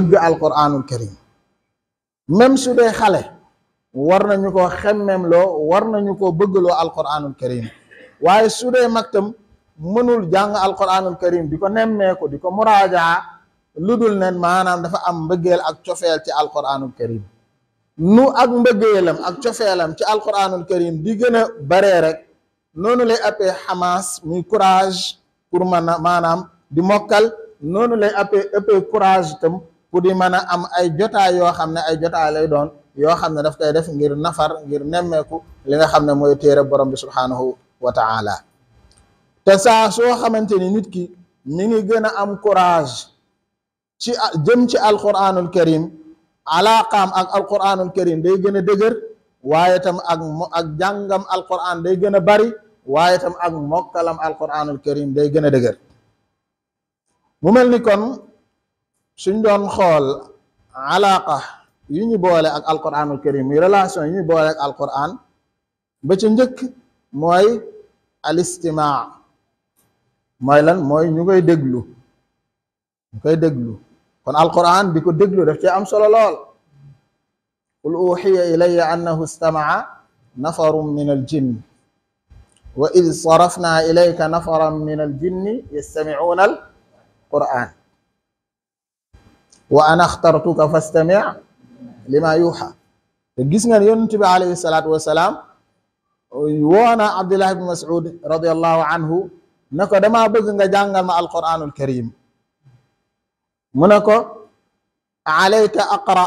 bëgg alquranul karim même su dee xale war nañu ko xemmeem loo war nañu ko bëggloo alquranul karim waaye sudee dee mag tam mënul jàng alquranul karim di ko nemmeeku di ko muraajaa lu dul nen maanaam dafa am mbëggeel ak cofeel ci alquranul karim nu ak mbëggeelam ak cofeelam ci alquranul karim di gën a baree rek noonu lay appee xamaas muy courage pour mën a maanaam di mokkal noonu lay appee courage tam ku di mën a am ay jotaay yoo xam ne ay jotaay lay doon yoo xam ne daf koy def ngir nafar ngir nemmeeku li nga xam ne mooy téere borom bi subhaanahu wa taala te saa soo xamante ni nit ki mi ngi gën a am courage ci jëm ci alquranul karim alaaqaam ak alquranul karim day gën a dëgër waaye tam ak ak jàngam alquran day gën a bari waaye tam ak mokkalam alquranul karim day gën a dëgër mu mel ni kon suñ doon xool alaaqa yu ñu boole ak alquranul karim muy relation yu boole ak ba ci njëkk mooy alistimaa mooy lan mooy ñu koy déglu ñu koy déglu kon alquran di ko déglu daf ci am solo lool qul uxiya ilayya annahu istamaa nafarun min aljinn wa id sarafna ilayka nafaran min aljinni yastamicuuna alquran wa ana axtartuka fastami lima yuuxa te gis ngeen yonent bi alayhi salaatu wasalaam woona abdullah ibn mas'ud anhu ne ko damaa bëgg nga jàngal ma alquranul karim mu ne ko alayka aqra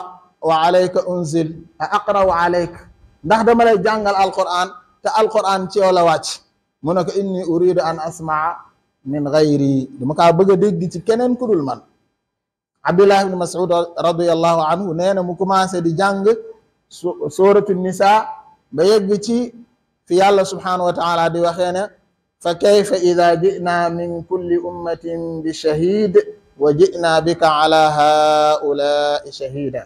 wa alayka unzil a aqra wa alayka ndax dama lay jàngal alquran te alquran ci yow la wàcc mu ne ko inni uridu an asmaa min gayri dama kaa bëgg a dégg ci keneen ku dul abdullah ibn mas'ud radiyallahu anhu nee na mu commencé di jàng sóoratu nisa ba yegg ci fi yàlla subhanahu wa taala di waxee ne fa kayfa ida jinaa min kulli ummatin bi shahid wa jinaa bika ala haulai shahida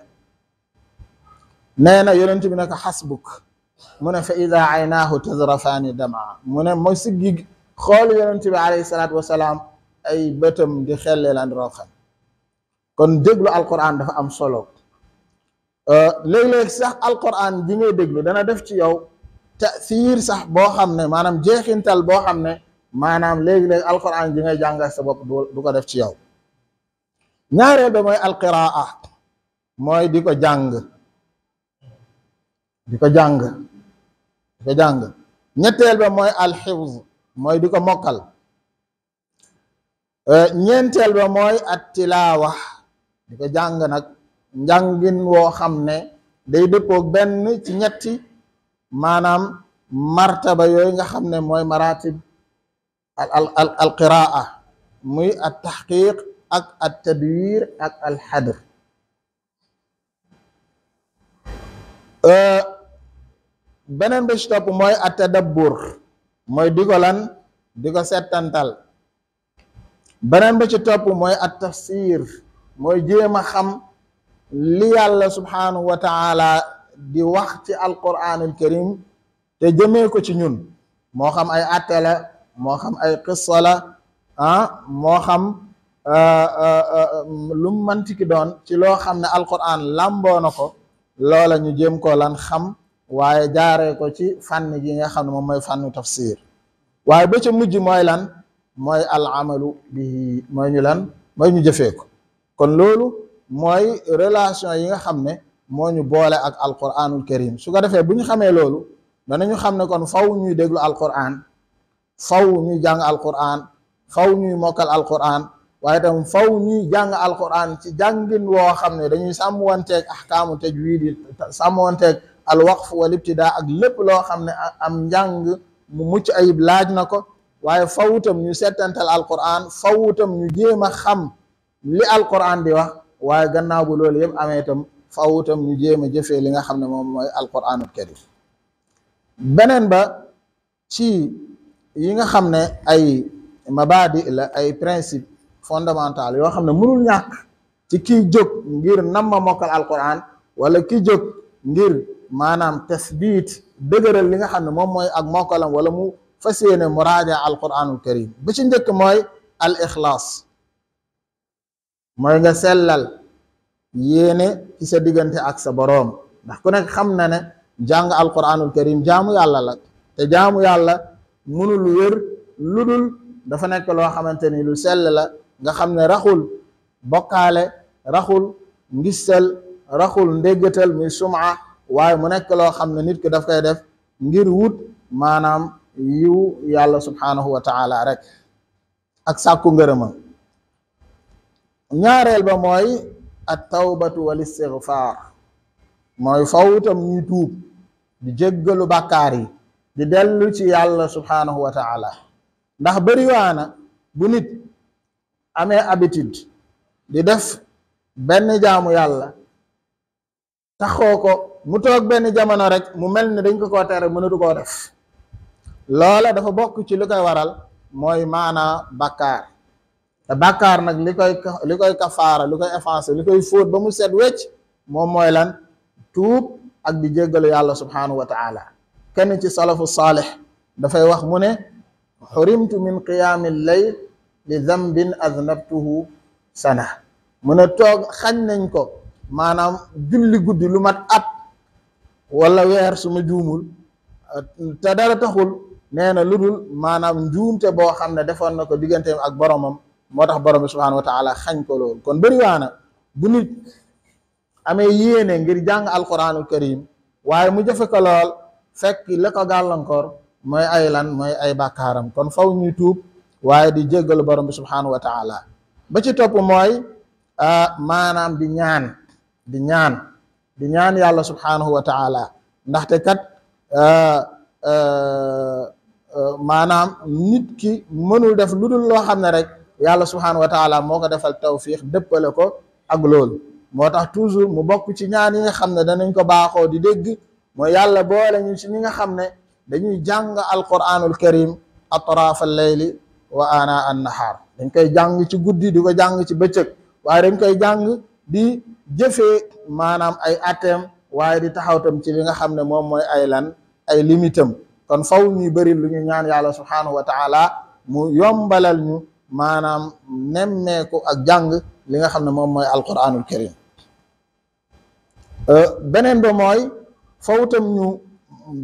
nee na yonent bi ne ko xasbuk mu ne fa ida aynaahu tazrafaani damaa mu ne ma siggi xool yonent bi alayhi salaatu wasalaam ay bëtam di xelleelan roxam kon déglu Alquran dafa am solo euh, léeg-léeg sax Alquran bi ngay déglu dana def ci yow tasiir sax boo xam ne maanaam jeexintal boo xam ne maanaam léegi-léeg Alquran bi ngay jàngal sa bopp du ko def ci yow ñaareel ba mooy alqiraa mooy di ko jàng di ko jàng di ko jàng ñetteel ba mooy alxiwz mooy di ko mokkal euh, ñeenteel ba mooy attilaawa di ko jàng nag njàngin woo xam ne day dëppook benn ci ñetti maanaam martaba yooyu nga xam ne mooy maratib al al al qiraa muy at taxqiq ak at tadwir ak al xadr beneen bi topp mooy at tadabbur mooy di ko lan di ko settantal beneen bi ci topp mooy at tafsir mooy jéem a xam li yàlla subhanahu wa taala di wax ci alquranul karim te jëmee ko ci ñun moo xam ay atte la moo xam ay qissa la ah moo xam uh, uh, uh, lu mu doon ci loo xam ne alquran làmboo na ko loola ñu jéem ko lan xam waaye jaaree ko ci fànn gi nga xam ne moom mooy fànnu tafsir waaye ba ca mujj moy lan mooy al amalu bi mooy ñu lan mooy ñu jëfee kon loolu mooy relation yi nga xam ne moo ñu boole ak alquranul karim su ko defee bu ñu xamee loolu danañu xam ne kon faw ñuy déglu alquran faw ñuy jàng alquran faw ñuy mokkal alquran waaye tam faw ñuy jàng alquran ci jàngin woo xam ne dañuy sàmmanteeg ahkaamu tajwiid yi sàmmanteeg alwaqf wal ibtidaa ak lépp loo xam ne am njàng mu mucc ayib laaj na ko waaye fawutam ñu settantal alquran fawutam ñu jéem a xam li alquran di wax waaye gannaaw bu loolu yëpp amee itam faaw itam ñu jéem a jëfee li nga xam ne moom mooy alquranul karim beneen ba ci yi nga xam ne ay mabadi la ay principe fondamental yoo xam ne mënul ñàkk ci kii jóg ngir nam ma mokkal alquran wala kii jóg ngir maanaam tasbit dëgëral li nga xam ne moom mooy ak mokalam wala mu fas yéene muraaja alquranul karim ba ci njëkk mooy al ixlaas mooy nga sellal yéene ci sa diggante ak sa boroom ndax ku nekk xam na ne jàng alquranul karim jaamu yàlla la te jaamu yàlla mënul wér lu dul dafa nekk loo xamante ni lu sell la nga xam ne raxul bokkaale raxul ngistal raxul ndéggatal muy suma waaye mu nekk loo xam ne nit ki daf koy def ngir wut maanaam yiw yàlla subhaanahu wa taala rek ak sàkku ngërëmam ñaareel ba mooy at tawbatu wal istigfaar mooy faw itam ñuy tuub di jéggalu bàkkaar yi di dellu ci yàlla subhaanahu wa taala ndax bariwaana bu nit amee habitude di def benn jaamu yàlla taxoo ko mu toog benn jamono rek mu mel ni dañ ko koo tere mënatu ko def loola dafa bokk ci lu koy waral mooy maanaa bàkkaar te bàkkaar nag li koy li koy kafaara li koy effacé li koy fóot ba mu set wecc moom mooy lan tuub ak di jéggalu yàlla subhanahu wa taala kenn ci salafu saalix dafay wax mu ne xurimtu min qiyaami layl li dambin aznabtuhu sana mu ne toog xañ nañ ko maanaam julli guddi lu mat at wala weer suma juumul te dara taxul nee na lu dul maanaam njuumte boo xam ne defoon na ko digganteem ak boroomam moo tax borom bi subhaanahu wa taala xañ ko loolu kon bëri bu nit amee yéene ngir jàng alquranul karim waaye mu jëfe ko lool fekk la ko gàllankoor mooy ay lan mooy ay bàkkaaram kon faw ñuy tuub waaye di jéggalu borom bi subhaanahu wa taala ba ci topp mooy maanaam di ñaan di ñaan di ñaan yàlla subhaanahu wa taala ndaxte kat maanaam nit ki mënul def lu dul loo xam ne rek yàlla subhaanahu wa moo ko defal tawfiix dëppale ko ak loolu moo tax toujours mu bokk ci ñaan yi nga xam ne danañ ko baaxoo di dégg mooy yàlla boole ñu ci ñi nga xam ne dañuy jàng alquranul karim atraafal layli wa ana an nahaar dañ koy jàng ci guddi di ko jàng ci bëccëg waaye dañ koy jàng di jëfee maanaam ay atem waaye di taxawtam ci li nga xam ne moom mooy ay lan ay limitam kon faw ñuy bëri lu ñu ñaan yàlla subhaanahu wa taala mu yombalal ñu maanaam nemmeeku ak jàng li nga xam ne moom mooy alquranul karim euh, beneen ba mooy faw tam ñu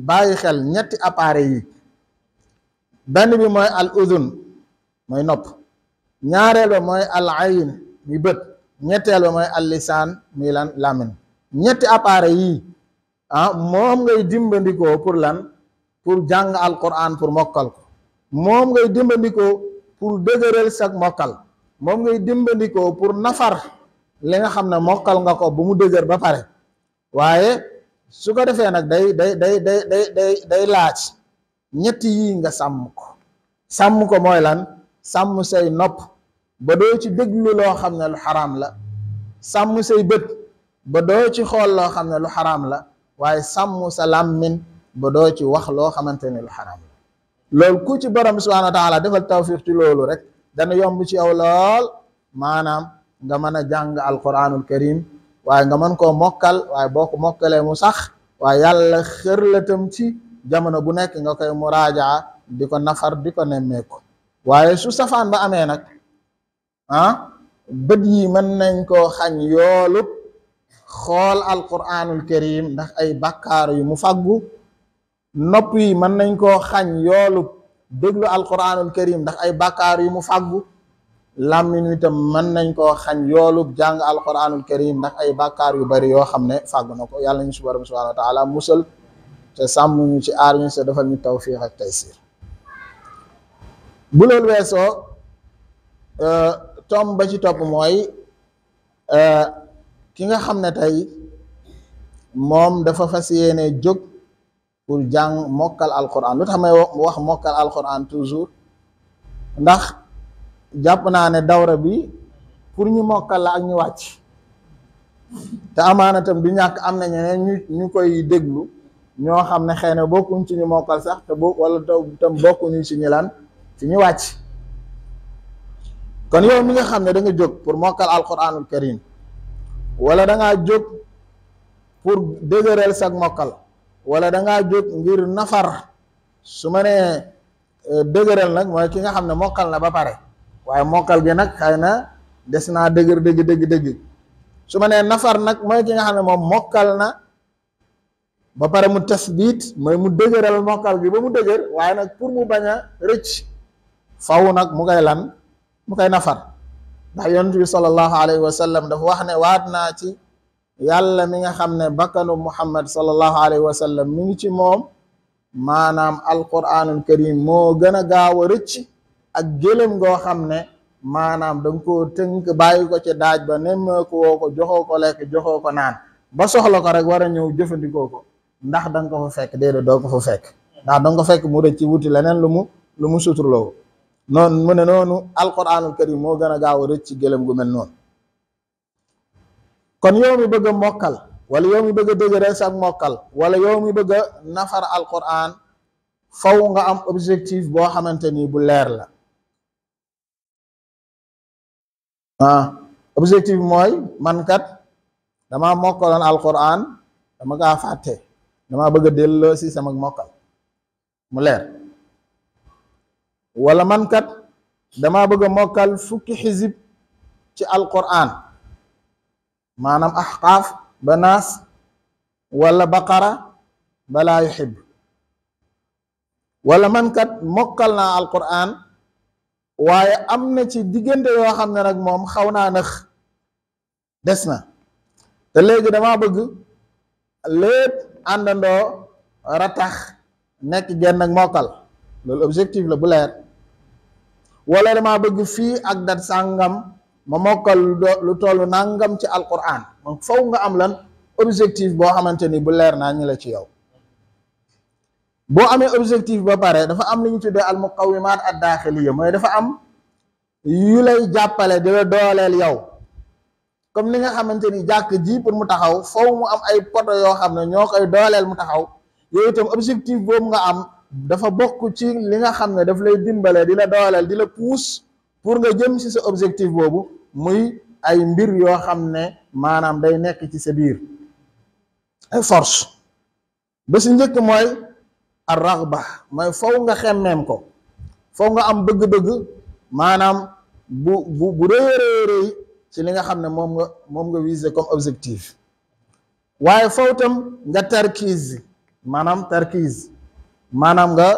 bàyyi xel ñetti appareil yi benn bi mooy al udun mooy nopp ñaareel ba mooy al ayn muy bët ñetteel ba mooy al lisaan muy lan lamin ñetti appareil yi ah moom ngay dimbandikoo pour lan pour jàng alquran pour mokkal ko moom ngay dimbandikoo pour dëgëral sag mokkal moom ngay dimbandikoo pour nafar li nga xam ne mokkal nga ko bu mu dëgër ba pare waaye su ko defee nag day day day day day laaj ñetti yii nga sàmm ko sàmm ko mooy lan sàmm say nopp ba doo ci déglu loo xam ne lu xaraam la sàmm say bët ba doo ci xool loo xam ne lu xaraam la waaye sàmm sa làmmin ba doo ci wax loo xamante ne lu xaraam loolu ku ci borom bi subhaanahu wa taala defal tawfiq ci loolu rek dana yomb ci yow lool maanaam nga mën a jàng alquranul karim waaye nga mën koo mokkal waaye boo ko mokkalee mu sax waaye yàlla xër ci jamono bu nekk nga koy muraajaa di ko nafar di ko nemmeeku waaye su safaan ba amee nag ah, bët yi mën nañ koo xañ yoolub xool alquranul karim ndax ay bàkkaar yu mu faggu nopp yi mën nañ koo xañ yoolu déglu alquranul karim ndax ay bàkkaar yu mu fàggu làmmiñ wi tam mën nañ koo xañ yoolu jàng alquranul karim ndax ay bàkkaar yu bari yoo xam ne fàggu na ko yàlla nañu si borom subhanahu wa musal te sàmm ñu ci aar ñu te defal ñu tawfiq ak taysir bu loolu weesoo euh, tom ba ci topp mooy euh, ki nga xam ne tey moom dafa fas yéene jóg pour jàng mokkal alquran lu tax may wax mokkal alquran toujours ndax jàpp naa ne dawra bi pour ñu mokkal la ak ñu wàcc te amaana tam du ñàkk am na ñeneen ñu ñu koy déglu ñoo xam ne xëy na bokkuñ ci ñu mokkal sax te bo wala tam bokkuñu ci ñi lan ci ñu wàcc kon yow mi nga xam ne da nga jóg pour mokkal alquranul karim wala da ngaa jóg pour dëgëral sag mokkal wala dangaa ngaa jóg ngir nafar su ma nee eh, dëgëral nag mooy ki nga xam ne mokkal na ba pare waaye mokkal gi nag xëy na des naa dëgër dëgg dëgg su ma nee nafar nag mooy ki nga xam ne moom mokkal na ba pare mu tasbiit mooy mu dëgëral mokkal gi ba mu dëgër waaye nag pour mu bañ a rëcc faw nag mu koy lan mu koy nafar ndax yonent bi sallallahu alayhi wa dafa wax ne waat naa ci yàlla mi nga xam ne bakkanu muhammad sallallahu alayhi wa sallam mi ngi ci moom maanaam alquranul karim moo gën a gaaw a rëcc ak gëlëm goo xam ne maanaam dang ko tënk bàyyi ko ci daaj ba nemmeeku woo ko joxoo ko lekk joxo ko naan ba soxla ko rek war a ñëw jëfandikoo ko ndax dang ko fa fekk déedéet doo ko fa fekk ndax da ko fekk mu rëcc wuti leneen lu mu lu mu suturloo noonu mu ne noonu alquranul karim moo gën a gaaw a rëcc gëlëm gu mel noonu kon yow mi bëgg a wala yow mi bëgg a dëgëral sa mokkal wala yow mi bëgg a nafar alquran faw nga am objectif boo xamante ni bu leer la ah objectif mooy mankat dama mokkaloon alquran dama kaa fàtte dama bëgg a delloo si sama mokkal mu leer wala mankat dama bëgg a mokkal fukki xisib ci alquran maanaam ahqaaf ba naas wala baqara balaa yuxib wala mankat kat mokkal naa alquran waaye am na ci diggante yoo xam ne nag moom xaw naa nëx des na te léegi dama bëgg lépp àndandoo ratax nekk genn ak mokkal loolu objectif la bu leer wala dama bëgg fii ak dat sàngam ma mokkal lu tollu nangam ci alquran donc faw nga am lan objectif boo xamante ni bu leer naa ñu la ci yow boo amee objectif ba pare dafa am li ñu tuddee al muqawimaat ad daaxiliya mooy dafa am yu lay jàppale di la dooleel yow comme li nga xamante ni jàkk ji pour mu taxaw faw mu am ay poto yoo xam ne ñoo koy dooleel mu taxaw yooyu itam objectif boobu nga am dafa bokk ci li nga xam ne daf lay dimbale di la dooleel di la puus pour nga jëm ci sa objectif boobu muy ay mbir yoo xam ne maanaam day nekk ci sa biir ay force ba si njëkk mooy ar raghba mooy faw nga xemmeem ko faw nga am bëgg-bëgg maanaam bu bu bu rëy rëy rëy ci li nga xam ne moom nga moom nga visé comme objectif waaye faw tam nga tarkiis maanaam tarkiis maanaam nga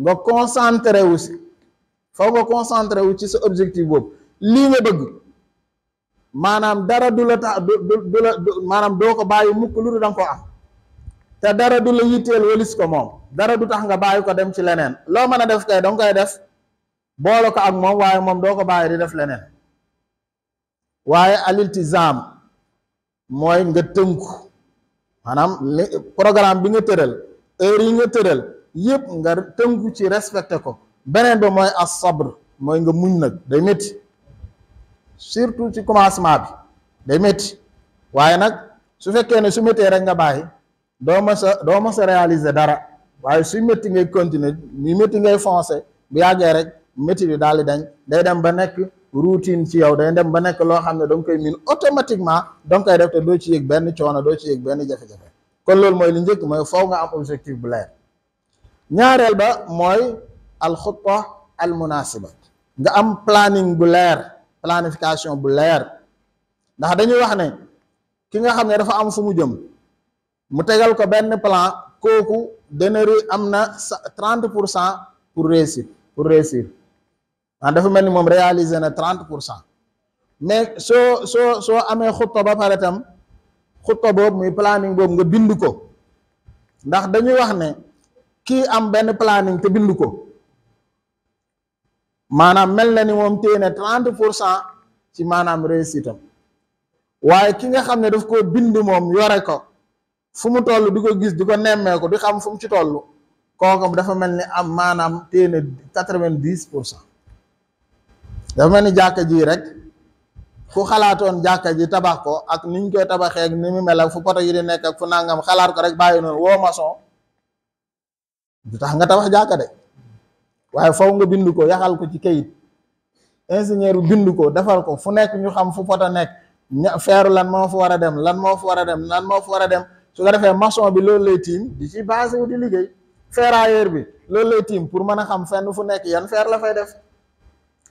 nga wu si faw nga concentré wu ci sa objectif boobu lii nga bëgg maanaam dara du la tax du la maanaam doo ko bàyyi mukk lu du danga ko am te dara du la yitteel wëlis ko moom dara du tax nga bàyyi ko dem ci leneen loo mën a def kay danga koy def boole ko ak moom waaye moom doo ko bàyyi di def leneen waaye aliltizaam mooy nga tënku maanaam programme bi nga tëral heure yi nga tëral yépp nga tënku ci respecté ko beneen ba mooy as sabr mooy nga muñ nag day métti surtout ci commencement bi day métti waaye nag su fekkee ne su méttee rek nga bàyyi doo ma doo ma sa dara waaye suy métti ngay continuer ni métti ngay foncer bu yàggee rek métti bi daal di dañ day dem ba nekk routine ci yow day dem ba nekk loo xam ne da koy miin automatiquement da nga koy def te doo ci yëg benn coono doo ci yëg benn jafe-jafe kon loolu mooy lu njëkk mooy faw nga am objectif bu leer alxutba al nga am planning bu leer planification bu leer ndax dañuy wax ne ki nga xam ne dafa am fu mu jëm mu tegal ko benn plan kooku dana am na trente pour cent pour réussir pour réussir ah dafa mel ni moom réaliser na trente pour cent mais soo soo soo amee xutba ba pare tam xutba boobu muy planning boobu nga bind ko ndax dañuy wax ne kii am benn planning te bind ko maanaam mel na ni moom téye na trente pour cent ci maanaam réussite am waaye ki nga xam ne daf koo bind moom yore ko fu mu toll di ko gis di ko nemmeeku di xam fu mu ci toll kooku dafa mel ni am maanaam téye na quatre-vingt-dix pour cent dafa mel ni jàkka jii rek ku xalaatoon jàkka ji tabax ko ak ni ñu koy tabaxee ak ni mu mel ak fu poto yi di nekk ak fu nangam xalaat ko rek bàyyi noonu woo maçon du tax nga tabax jàkka de. waaye faw nga bind ko yaxal ko ci kayit ingénieur bi bind ko defal ko fu nekk ñu xam fu poto nekk ña feeru lan moo fa war a dem lan moo fa war a dem lan moo fa war a dem su ko defee maçon bi loolu lay tiim di ci basé liggéey ferrailleur bi loolu lay tiim pour mën a xam fenn fu nekk yan feer la fay def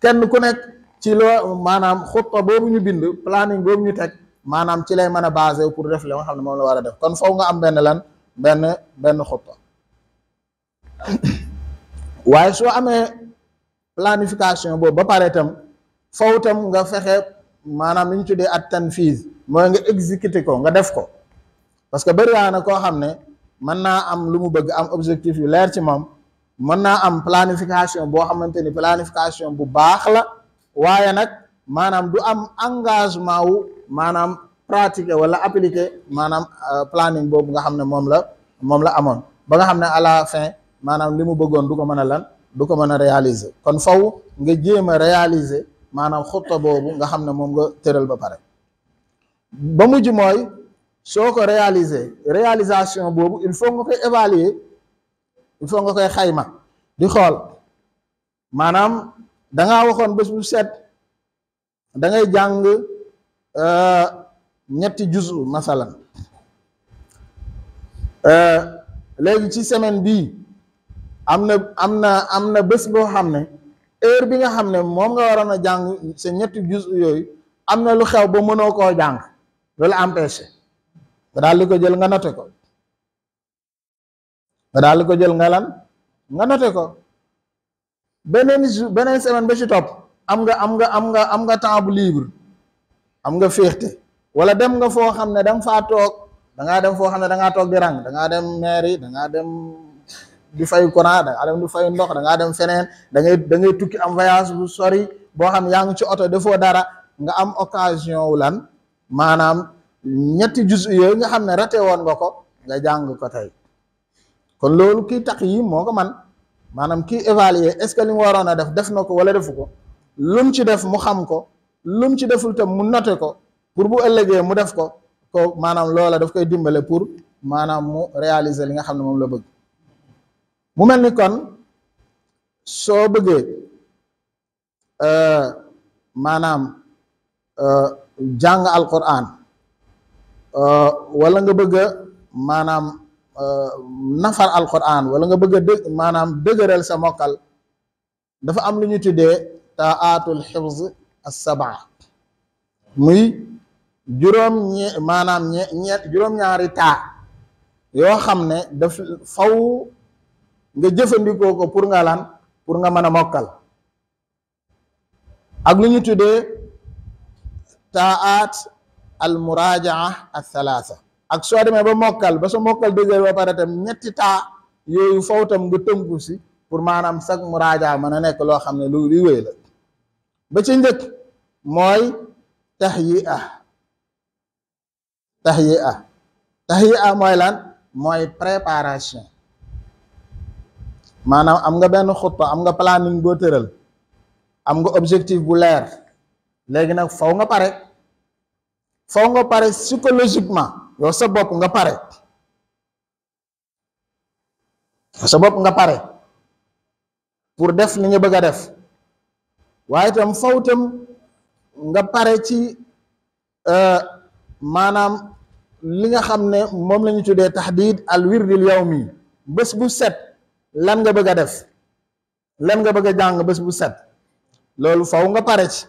kenn ku nekk ci loo maanaam xutta boobu ñu bind planning boobu ñu teg maanaam ci lay mën a basé pour def li nga xam moom la war a def kon faw nga am benn lan benn benn xutta waaye soo amee planification boobu ba pare tam faw tam nga fexe maanaam li ñu tuddee at tanfiis mooy nga exécuter ko nga def ko parce que bëri na koo xam ne mën naa am lu mu bëgg am objectif yu leer ci moom mën naa am planification boo xamante ni planification bu baax la waaye nag maanaam du am engagement wu maanaam pratiquer wala appliquer maanaam euh, planning boobu nga xam ne moom la moom la amoon ba nga xam ne à la fin maanaam li mu bëggoon du ko mën a lan du ko mën a réaliser kon faw nga jéem a réaliser maanaam xutta boobu nga xam ne moom nga tëral ba pare ba mujj mooy soo ko réaliser réalisation boobu il faut nga koy évaluer il faut nga koy xayma di xool maanaam dangaa waxoon bés bu set da ngay jàng euh, ñetti juzu masalan euh, léegi ci semaine bii am na am na am na bés boo xam ne heure bi nga xam ne moom nga waroon a jàng sa ñetti jus yooyu am na lu xew ba mënoo koo jàng loolu empêché nga daal di ko jël nga noté ko nga daal di ko jël nga lan nga noté ko beneen beneen semaine ba ci top am nga am nga am nga am nga temps bu libre am nga féexte wala dem nga foo xam ne danga faa toog da ngaa dem foo xam ne da toog di rang da ngaa dem mairie da dem. di fay ko da ngaa dem di fay ndox da ngaa dem feneen da ngay da ngay tukki am voyage bu sori boo xam yaa ngi ci oto defoo dara nga am occasion wu lan maanaam ñetti jus yooyu nga xam ne rate woon nga ko nga jàng ko tey kon loolu kii tax yi moo ko man maanaam kii évaluer est ce que li mu waroon a def def na ko wala defu ko lum ci def mu xam ko lum ci deful tam mu note ko pour bu ëllëgee mu def ko ko maanaam loola daf koy dimbale pour maanaam mu réaliser li nga xam ne moom la bëgg mu mel ni kon soo bëggee euh, maanaam euh, jàng Alquran euh, wala nga bëgg a maanaam nafar Alquran wala nga bëgg a dë maanaam dëgëral sa mokal dafa am lu ñu tuddee taatul xifz as-sab'a muy juróom ñe maanaam ñe juróom-ñaari taa yoo xam ne daf faw nga jëfandikoo ko pour nga lan pour nga mën a mokkal ak lu ñu tuddee taat al muraajaa al thalaatha ak soo demee ba mokal ba sa mokkal dëgër ba pare tam ñetti taa yooyu faw tam nga tënku si pour maanaam sag muraajaa mën a nekk loo xam ne lu luy wéy la ba ci njëkk mooy tahyi'a tahyi'a tahyi'a mooy lan mooy préparation maanaam am nga benn xutba am nga planning boo tëral am nga objectif bu leer léegi nag faw nga pare faw nga pare psychologiquement yow sa bopp nga pare sa bopp nga pare pour def li nga bëgg a def waaye tam faw itam nga pare ci euh, maanaam li nga xam ne moom la ñu tuddee taxdiid al wirdil yawmi bés bu set lan nga bëgg a def lan nga bëgg a jàng bés bu set loolu faw nga pare ci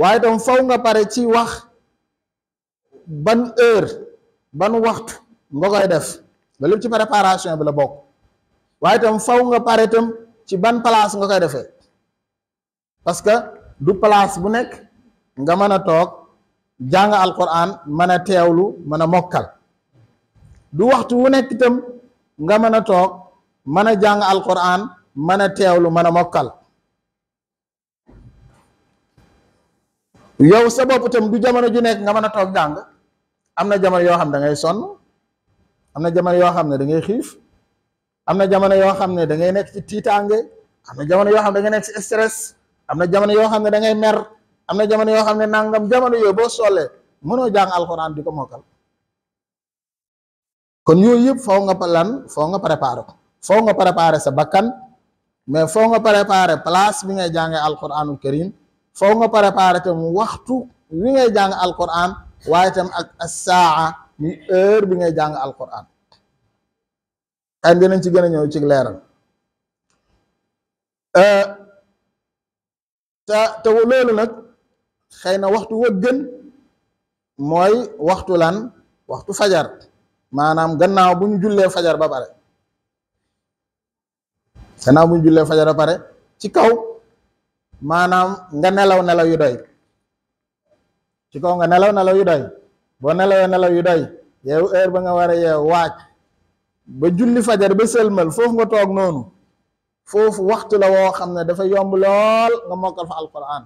waaye tam faw nga pare ci wax ban heure ban waxtu nga koy def loolu ci préparation bi la bokk waaye tam faw nga pare tam ci ban place nga koy defee parce que du palaas bu nekk nga mën a toog jàng alquran mën a teewlu mën a mokkal du waxtu wu nekk itam nga mën a toog mën a jàng alquran mën a teewlu mën a mokkal yow sa bopp itam du jamono ju nekk nga mën a toog jàng am na jamono yoo xam ne dangay ngay am na jamono yoo xam ne da ngay am na jamono yoo xam ne da ngay nekk ci tiitaange am na jamono yoo xam ne da nekk ci stress am na jamono yoo xam ne da ngay mer am na jamono yoo xam ne nangam jamono yooyu boo soolee mënoo jàng alxuraan di ko mokkal kon yooyu yëpp foo nga lan faw nga préparé ko foo nga préparer sa bakkan mais foo nga préparer place bi ngay jàngee alquranul karim foo nga préparer tam waxtu wi ngay jàng alquran waaye tam ak saa mi heure bi ngay jàng alquran ay dinañ ci gën ñëw ci leeral euh, te loolu nag xëy na waxtu wa gën mooy waxtu lan waxtu fajar maanaam gannaaw bu ñu jullee fajar ba pare gannaaw bu ñu jullee fajar pare ci kaw maanaam nga nelaw nelaw yu day ci kaw nga nelaw nelaw yu doy boo nelawee nelaw yu day yeewu heure ba nga waree a yeew waaj ba julli fajar ba sëlmal foofu nga toog noonu foofu waxtu la woo xam ne dafa yomb lool nga mokkal fa alquran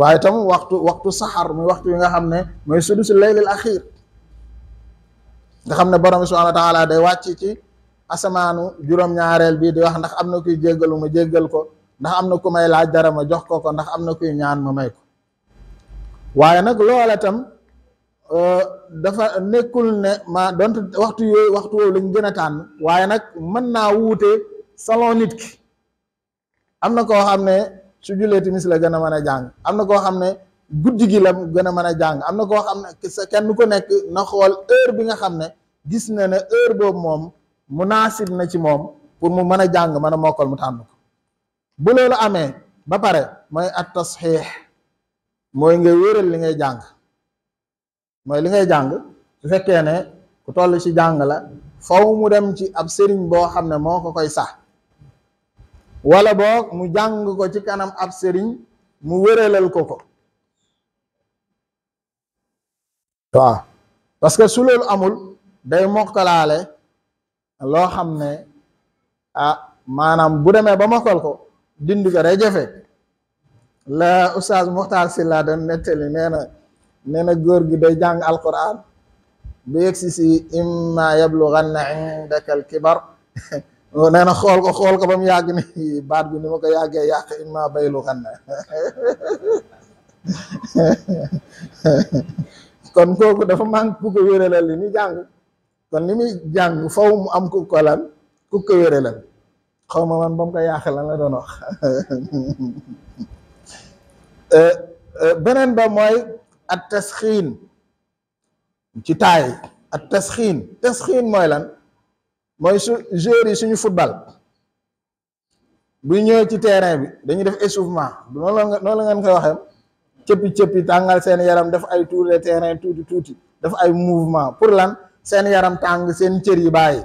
waaye tam waxtu waxtu saxar muy waxtu yi nga xam ne mooy sudusu laylil axiir nga xam ne borom bi subhanahu wa taala day wàcc ci asamaanu juróom-ñaareel bii di wax ndax am na kuy jéggalu ma jéggal ko ndax am na ku may laaj dara ma jox ko ko ndax am na kuy ñaan ma may ko waaye nag loole tam euh, dafa nekkul ne ma donte waxtu yooyu waxtu woowu lañ gën a tànn waaye nag mën naa wuute salon nit ki am na koo xam ne su julee timis la gën a mën a jàng am na koo xam ne guddi gi la gën a mën a jàng am na koo xam ne kenn ko nekk na xool heure bi nga xam ne gis na ne heure boobu moom munaasib na ci moom pour mu mën a jàng mën a mokkal mu tànn ko bu loolu amee ba pare mooy at tasxiix mooy ngay wéral li ngay jàng mooy li ngay jàng su fekkee ne ku toll ci jàng la faw mu dem ci ab sëriñ boo xam ne moo ko koy sax wala boog mu jàng ko ci kanam ab sëriñ mu wéralal ko ko waaw parce que su loolu amul day mokkalaale loo xam ne ah maanaam bu demee ba mokkal ko dind ko day jafe la oustaz Muxtaar Silla doon nettali nee na nee na góor gi day jàng alquran bu yegsi si imma yablughanna indaka alkibar nee na xool ko xool ko ba mu yàgg ni baat bi ni ma ko yàggee yàq imma baylughanna kon kooku dafa manque bu ko wéralal li ni jàng kon li muy jàng faw mu am ku ko lan ku ko wére lan xaw ma man ba mu ko yaax lan la doon wax euh, euh, beneen ba mooy at tasxiin ci taay at tasxiin tasxiin mooy lan mooy su joueurs yi suñu football bu ñëwee ci terrain bi dañuy def échauffement noonu la noonu la ngeen koy waxee cëppi cëppi tàngal seen yaram def ay tour de terrain tuuti tuuti def ay mouvement pour lan seen yaram tàng seen cër yi bàyyi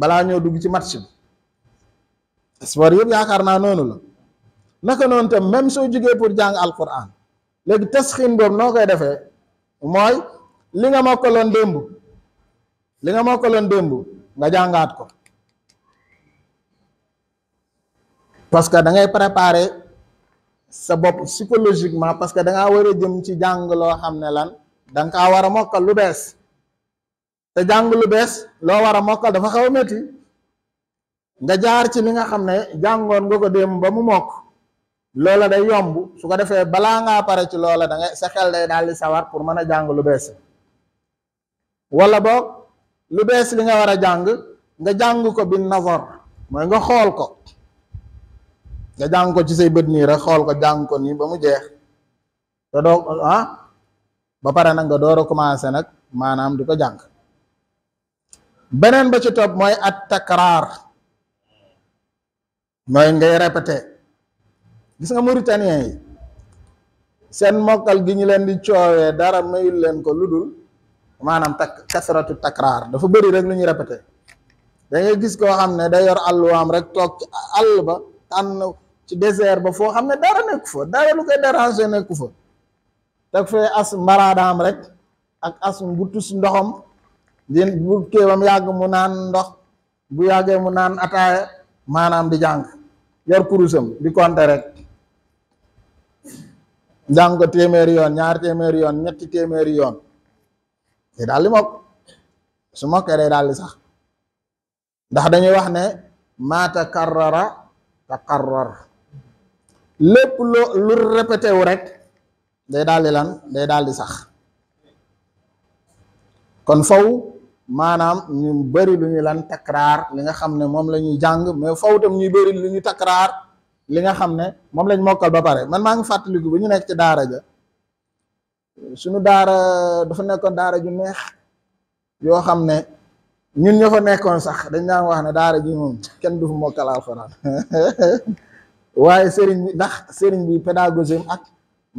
balaa ñoo dugg ci match bi sport yëpp yaakaar naa noonu la naka noonu tam même soo jugee pour jàng alquran léegi tasxiin boobu noo koy defee mooy li nga mokkaloon démb li nga mokkaloon démb nga jàngaat ko parce que da ngay préparer sa bopp psychologiquement parce que da war a jëm ci jàng loo xam ne lan da nga kaa war a mokkal lu bees. te jàng lu bees loo war a mokkal dafa xaw a nga jaar ci li nga xam ne jàngoon nga ko démb ba mu mokk loola day yomb su ko defee balaa ngaa pare ci loola da ngay sa xel day daal di sawar pour mën a jàng lu bees wala boog lu bees li nga war a jàng nga jàng ko bi nazar mooy nga xool ko nga jàng ko ci say bët nii rek xool ko jàng ko nii ba mu jeex te doo ah, ba pare nag nga door a commencé nag maanaam di ko jàng. beneen ba ci topp mooy at takraar mooy ngay répété gis nga mauritanien yi seen mokkal gi ñu leen di coowee dara mayul leen ko lu dul maanaam tak kasratu takraar dafa bëri rek lu ñu répété da ngay gis koo xam ne day yor àlluwaam rek toog ci àll ba tànn ci désert ba foo xam ne dara nekku fa dara lu koy déranger nekku fa teg fee as mbaraadaam rek ak as ngutus ndoxam din bu kéewam yàgg mu naan ndox bu yàggee mu naan ataaya maanaam di jàng yor kurusam di konte rek jàng ko téeméeri yoon ñaar téeméeri yoon ñetti téeméeri yoon te daal di su mokkee day daal sax ndax dañuy wax ne maa takarrara takarrar lépp lu lu répété rek day daal di lan day daal sax kon faw maanaam ñu bëri lu ñu lan takraar li nga xam ne moom la ñuy jàng mais faw tam ñuy bëri lu ñu takraar li nga xam ne moom lañ mokkal ba pare man maa ngi fàttaliku bu ñu nekk ci daara ja suñu daara dafa nekkoon daara ju neex yoo xam ne ñun ñoo fa nekkoon sax dañ daan wax ne daara ji moom kenn du fa mokkal alxuraan waaye sëriñ bi ndax sëriñ bi pédagogie ak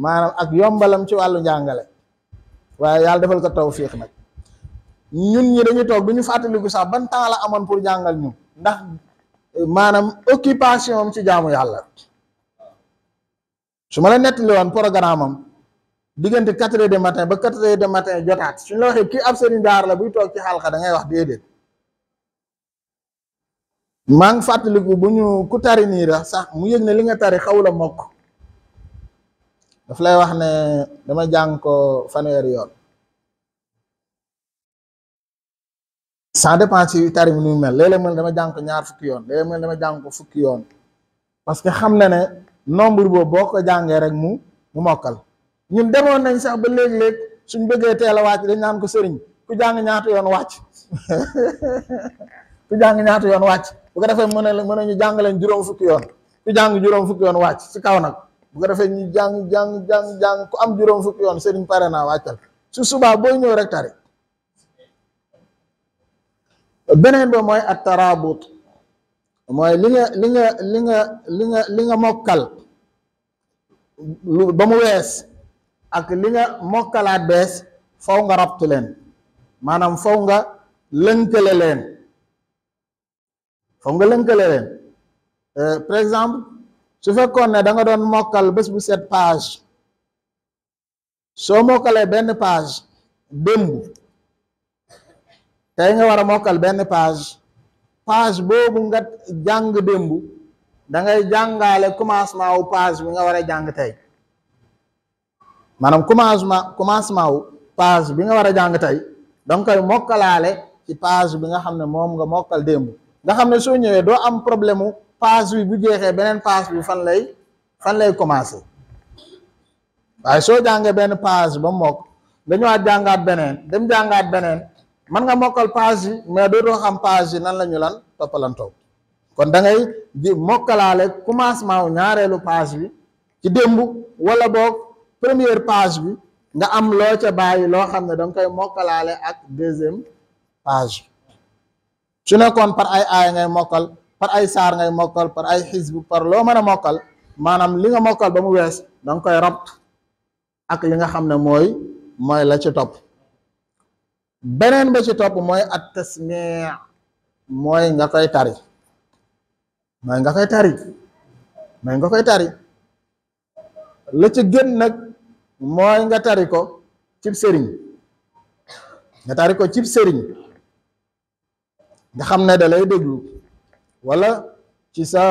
maanaam ak yombalam ci wàllu njàngale waaye yàlla defal ko taw tawfiix nag ñun ñi dañuy toog du ñu fàttaliku sax ban temps la amoon pour jàngal ñu ndax euh, maanaam occupation am ci jaamu yàlla su ma la nettali woon programme am diggante quatre heures de matin ba quatre heures de matin jotaat suñ la waxee kii ab sëriñ daar la buy toog ci xalqa da ngay wax déedéet maa ngi fàttaliku bu ñu ku tari nii ra sax mu yëg ne li nga tari xaw la mokk daf lay wax ne dama jàng ko fanweeri yoon ça dépend ci tari bi nu mel léeg-léeg man dama jàng ko ñaar fukki yoon léeg-léeg man dama jàng ko fukki yoon parce que xam na ne nombre boobu boo ko jàngee rek mu mu mokkal ñun demoon nañ sax ba léeg-léeg suñ bëggee teela wàcc dañ naan ko sëriñ ku jàng ñaata yoon wàcc ku jàng ñaata yoon wàcc bu ko defee mën a mën a ñu jàng leen juróom fukki yoon ku jàng juróom fukki yoon wàcc ci kaw nag bu ko defee ñu jàng jàng jàng jàng ku am juróom fukki yoon sëriñ pare naa wàccal su subaa booy ñëw rek tari beneen ba mooy at taraabut mooy li nga li nga li nga li nga li nga mokkal ba mu wees ak li nga mokkalaat bees faw nga rabtu leen maanaam faw nga lënkale leen faw nga lënkale leen euh, par exemple su fekkoon ne danga doon mokkal bés bu set page soo mokkalee benn page démb tey nga war a mokkal benn page page boobu nga jàng démb da ngay jàngaale commencement wu page bi nga war a jàng tey maanaam commencement commencement wu page bi nga war a jàng tey danga koy mokkalaale ci page bi nga xam ne moom nga mokkal démb nga xam ne soo ñëwee doo am problème mu page bi bu jeexee beneen page bi fan lay fan lay commencé waaye soo jàngee benn page ba mokk nga ñëwaat jàngaat beneen dem jàngaat beneen. mën nga mokkal page yi mais dootoo xam page yi nan la ñu lan toppalantoo kon da ngay di mokkalaale commencement ñaareelu page bi ci démb wala boog première page bi nga am loo ca bàyyi loo xam ne danga koy mokkalaale ak deuxième page su nekkoon par ay aaya ngay mokkal ay saar ngay mokkal par ay xisbu par loo mën a mokkal maanaam li nga mokkal ba mu wees danga koy rabt ak li nga xam ne mooy mooy la ci topp beneen ba ci topp mooy at tasmii mooy nga koy tari mooy nga koy tari mooy nga koy tari la ci gën nag mooy nga tari ko cib sëriñ nga tari ko cib sëriñ nga xam ne da lay déglu wala ci sa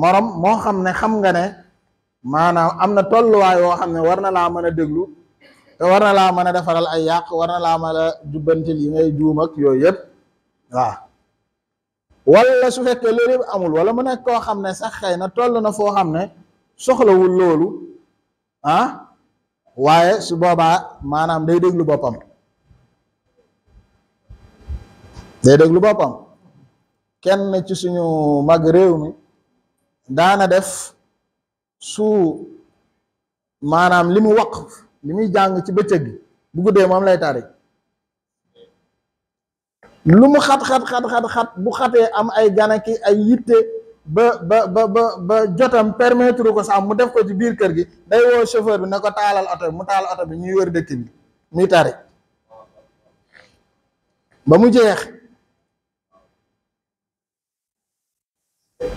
morom moo xam ne xam nga ne maanaam am na tolluwaay yoo xam ne war na laa mën a déglu te war laa mën a defaral ay yàq war na laa mën a jubbantil yi ngay juum yooyu yëpp waaw wala su fekkee loolu amul wala mu nekk koo xam ne sax xëy na toll na foo xam ne soxlawul loolu ah waaye su boobaa maanaam day déglu boppam day déglu boppam kenn ci suñu mag réew mi daana def su maanaam li mu waqf li muy jàng ci bëccëg bi bu guddee moom lay tari lu mu xat xat xat xat bu xatee am ay ganaki ay yitte ba ba ba ba jotam permettre ko sax mu def ko ci biir kër gi day woo chauffeur bi na ko taalal oto bi mu taal oto bi ñuy wër dëkk bi muy tari ba mu jeex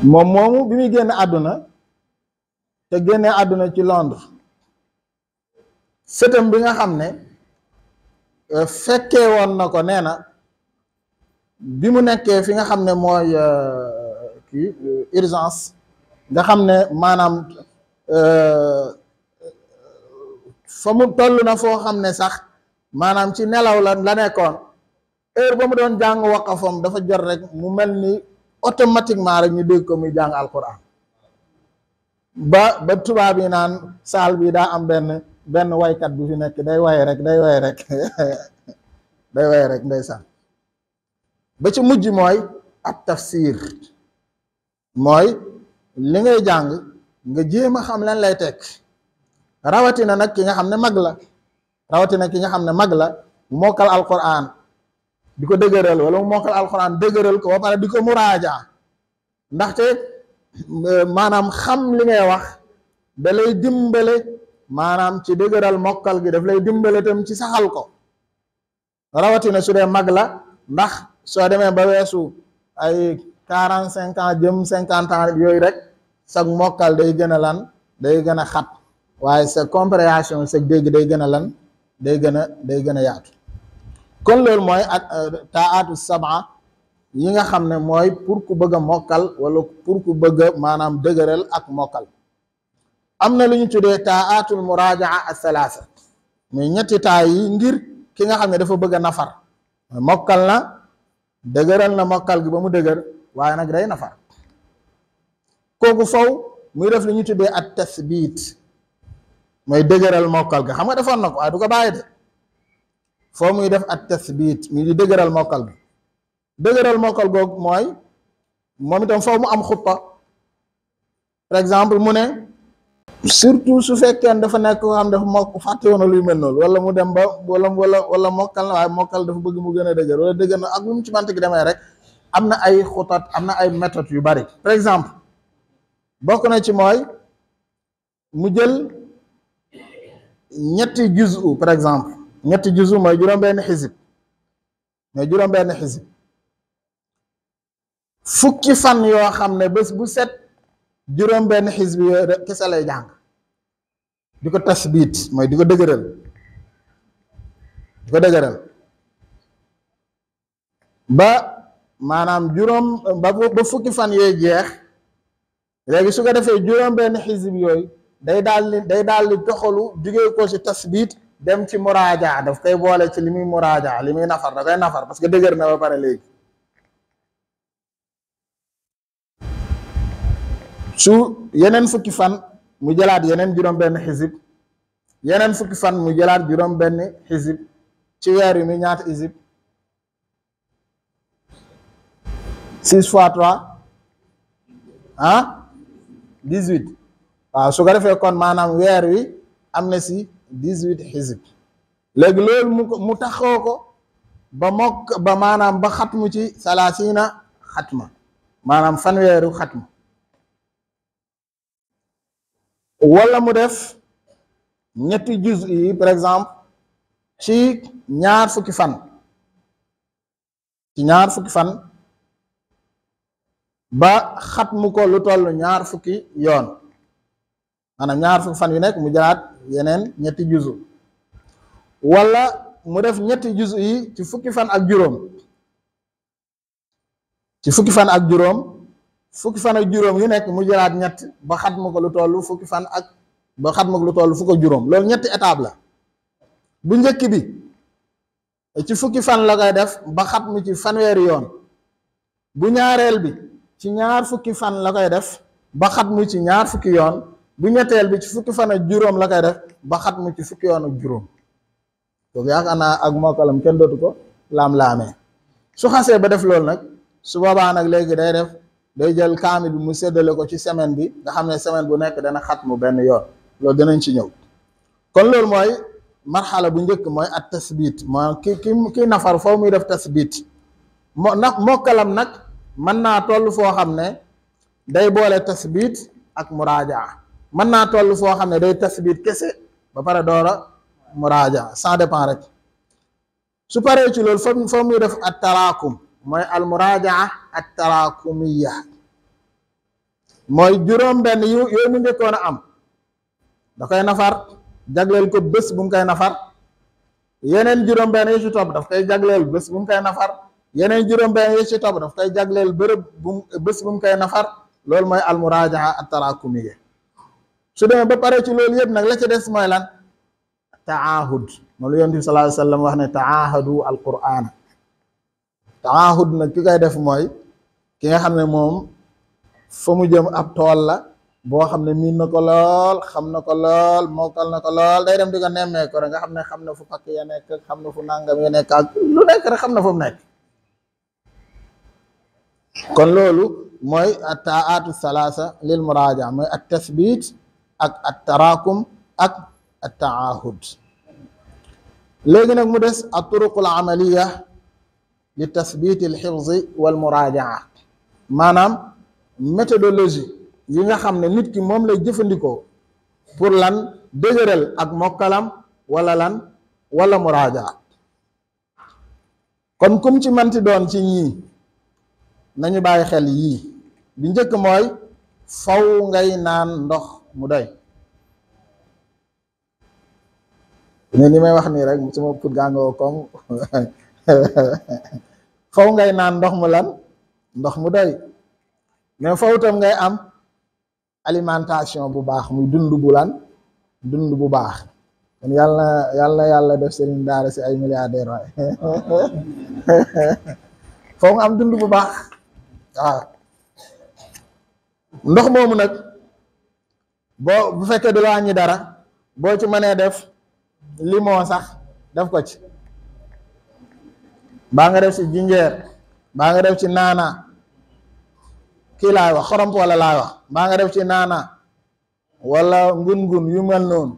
moom moomu bi muy génn àdduna te génnee àdduna ci Londres sëtam bi nga xam ne euh, fekkee woon na ko nee na bi mu nekkee fi nga xam ne mooy euh, kii euh, urgence nga xam ne maanaam fa mu toll na foo xam ne sax maanaam ci nelaw la la nekkoon heure ba mu doon jàng waqafam dafa jot rek mu mel ni automatiquement rek ñu dégg ko muy jàng alquran ba ba tubaab yi naan saal bi daa am benn benn woykat bi fi nekk day waye rek day waye rek day waye rek ndeysaan ba ci mujj mooy ab tafsir mooy li ngay jàng nga jéem a xam lan lay tekk rawatina nag ki nga xam ne mag la rawatina ki nga xam ne mag la mu mokkal alquran di ko dëgëral wala mu mokkal alquran dëgëral ko ba pare di ko muraaja ndaxte maanaam xam li ngay wax da dimbale maanaam ci dëgëral mokkal gi daf lay dimbale tam ci saxal ko rawatina su dee mag la ndax soo demee ba weesu ay quarante cinquante ans jëm cinquante ans yooyu rek sag mokkal day gën a lan day gën a xat waaye sa compréhension sa dégg day gën a lan day gën a day gën a yaatu kon loolu mooy ak euh, atu sabaa yi nga xam ne mooy pour ku bëgg a mokkal wala pour ku bëgg maanaam dëgëral ak mokkal am na lu ñu tuddee taatul murajaa asalaasa muy ñetti taa yi ngir ki nga xam ne dafa bëgg nafar mokkal na dëgëral na mokkal gi ba mu dëgër waaye nag day nafar kooku faw muy def lu ñu tuddee at tasbiit mooy dëgëral mokkal ga xam nga defoon na ko waaye du foo muy def at tasbiit muy di dëgëral mokkal bi dëgëral mokkal googu mooy moom itam foo mu am xuppa par exemple mu ne surtout su fekkee dafa nekk koo xam dafa mokk fàtte woon luy mel noonu wala mu dem ba wala wala wala mokkal na waaye mokkal dafa bëgg mu gën a dëgër wala dëgër na ak lu mu ci mante gi demee rek am na ay xutat am na ay méthodes yu bari par exemple bokk na ci mooy mu jël ñetti juzu par exemple ñetti juzu mooy juróom-benn xisib mooy juróom-benn xisib fukki fan yoo xam ne bés bu set juróom-benn xisib yooyu kese lay jàng. di ko tasbiit mooy di ko dëgëral di ko dëgëral ba maanaam juróom ba ba fukki fan yooyu jeex léegi su ko defee juróom benn xisib yooyu day daal di day daal di toxalu jugee ko ci tasbiit dem ci muraaja daf koy boole ci li muy muraaja li muy nafar da koy nafar parce que dëgër na ba pare léegi su yeneen fukki fan mu jëlaat yeneen juróom benn xisib yeneen fukki fan mu jalaat juróom benn xisib ci weer wi mi ñaat xisib six fois trois ah dix huit waaw su ko defee kon maanaam weer wi am na si dix huit xisib léegi loolu mu mu taxoo ko ba mokk ba maanaam ba xatmu ci salaasina xatma maanaam fanweeru xatma wala mu def ñetti juz yi par exemple ci ñaar fukki fan ci ñaar fukki fan ba xat mu ko lu toll ñaar fukki yoon maanaam ñaar fukki fan yu nekk mu jëlaat yeneen ñetti juzu wala mu def ñetti juzu yi ci fukki fan ak juróom ci fukki fan ak juróom fukki fan ak juróom yu nekk mu jëlaat ñett ba xat mu ko lu toll fukki fan ak ba xat mu ko fukk ak juróom ñetti étape la bu njëkk bi ci fukki fan la koy def ba xat mu ci fanweeri yoon bu ñaareel bi ci ñaar fukki fan la koy def ba xat mu ci ñaar fukki yoon bu ñetteel bi ci fukki fan ak juróom la koy def ba xat mu ci fukki yoon ak juróom kooku yaakaar naa ak mokkalam kenn dootu ko laam laame su xasee ba def loolu nag su boobaa nag léegi day def day jël kaamil bi mu séddale ko ci semaine bi nga xam ne semaine bu nekk dana xat mu benn yoon loolu danañ ci ñëw kon loolu mooy marxala bu njëkk mooy at tasbit moo ki ki ki nafar foofu muy def tasbit moo nag mokkalam nag mën naa toll foo xam ne day boole tasbit ak muraajaa mën naa toll foo xam ne day tasbit kese ba pare doora muraajaa sans dépend rek su paree ci loolu foofu muy def at taraakum mooy almurajaa at taraakumiya mooy juróom benn yu yooyu mu am da koy nafar jagleel ko bés bu mu koy nafar yeneen juróom benn yi ci topp daf koy jagleel bés bu daf koy jagleel bërëb bu bés bu mu koy nafar loolu mooy almurajaa at taraakumiya su demee ba pare ci loolu yëpp nag la ci des mooy lan taahud moom la yonent bi sallallahu alayhi wax ne taahadu alqur'ana taahud nag ki koy def mooy ki nga xam ne moom fa mu jëm ab tool la boo xam ne miin na ko lool xam na ko lool mokkal na ko lool day dem di ko nemmee ko rek nga xam ne xam na fu pakk ya nekk xam na fu nàngam ya nekk ak lu nekk rek xam na fu mu nekk kon loolu mooy at taatu salaasa lil muraaja mooy at tasbit ak at taraakum ak at taahud léegi nag mu des at turuqul amaliya li tasbiti al xifzi wal muraajaa maanaam méthodologie yi nga xam ne nit ki moom lay jëfandikoo pour lan dëgëral ak mokkalam wala lan wala muraajaa kon kum ci manti doon ci ñii nañu bàyyi xel yii bi njëkk mooy faw ngay naan ndox mu doy ne ni may wax nii rek sama put gàngoo kom faw ngay naan ndox mu lan ndox mu doy mais foofu tam ngay am alimentation bu baax muy dund bu lan dund bu baax kon yàlla yàlla yàlla def sëriñ daara si ay milliardaire waaye faw nga am dund bu baax waaw ndox moomu nag boo bu fekkee du la wàññi dara boo ci mënee def limon sax def ko ci baa nga def ci jinjeer baa nga def ci naana kii laay wax xoromp wala laay wax baa nga def ci naana wala ngun-ngun yu mel noonu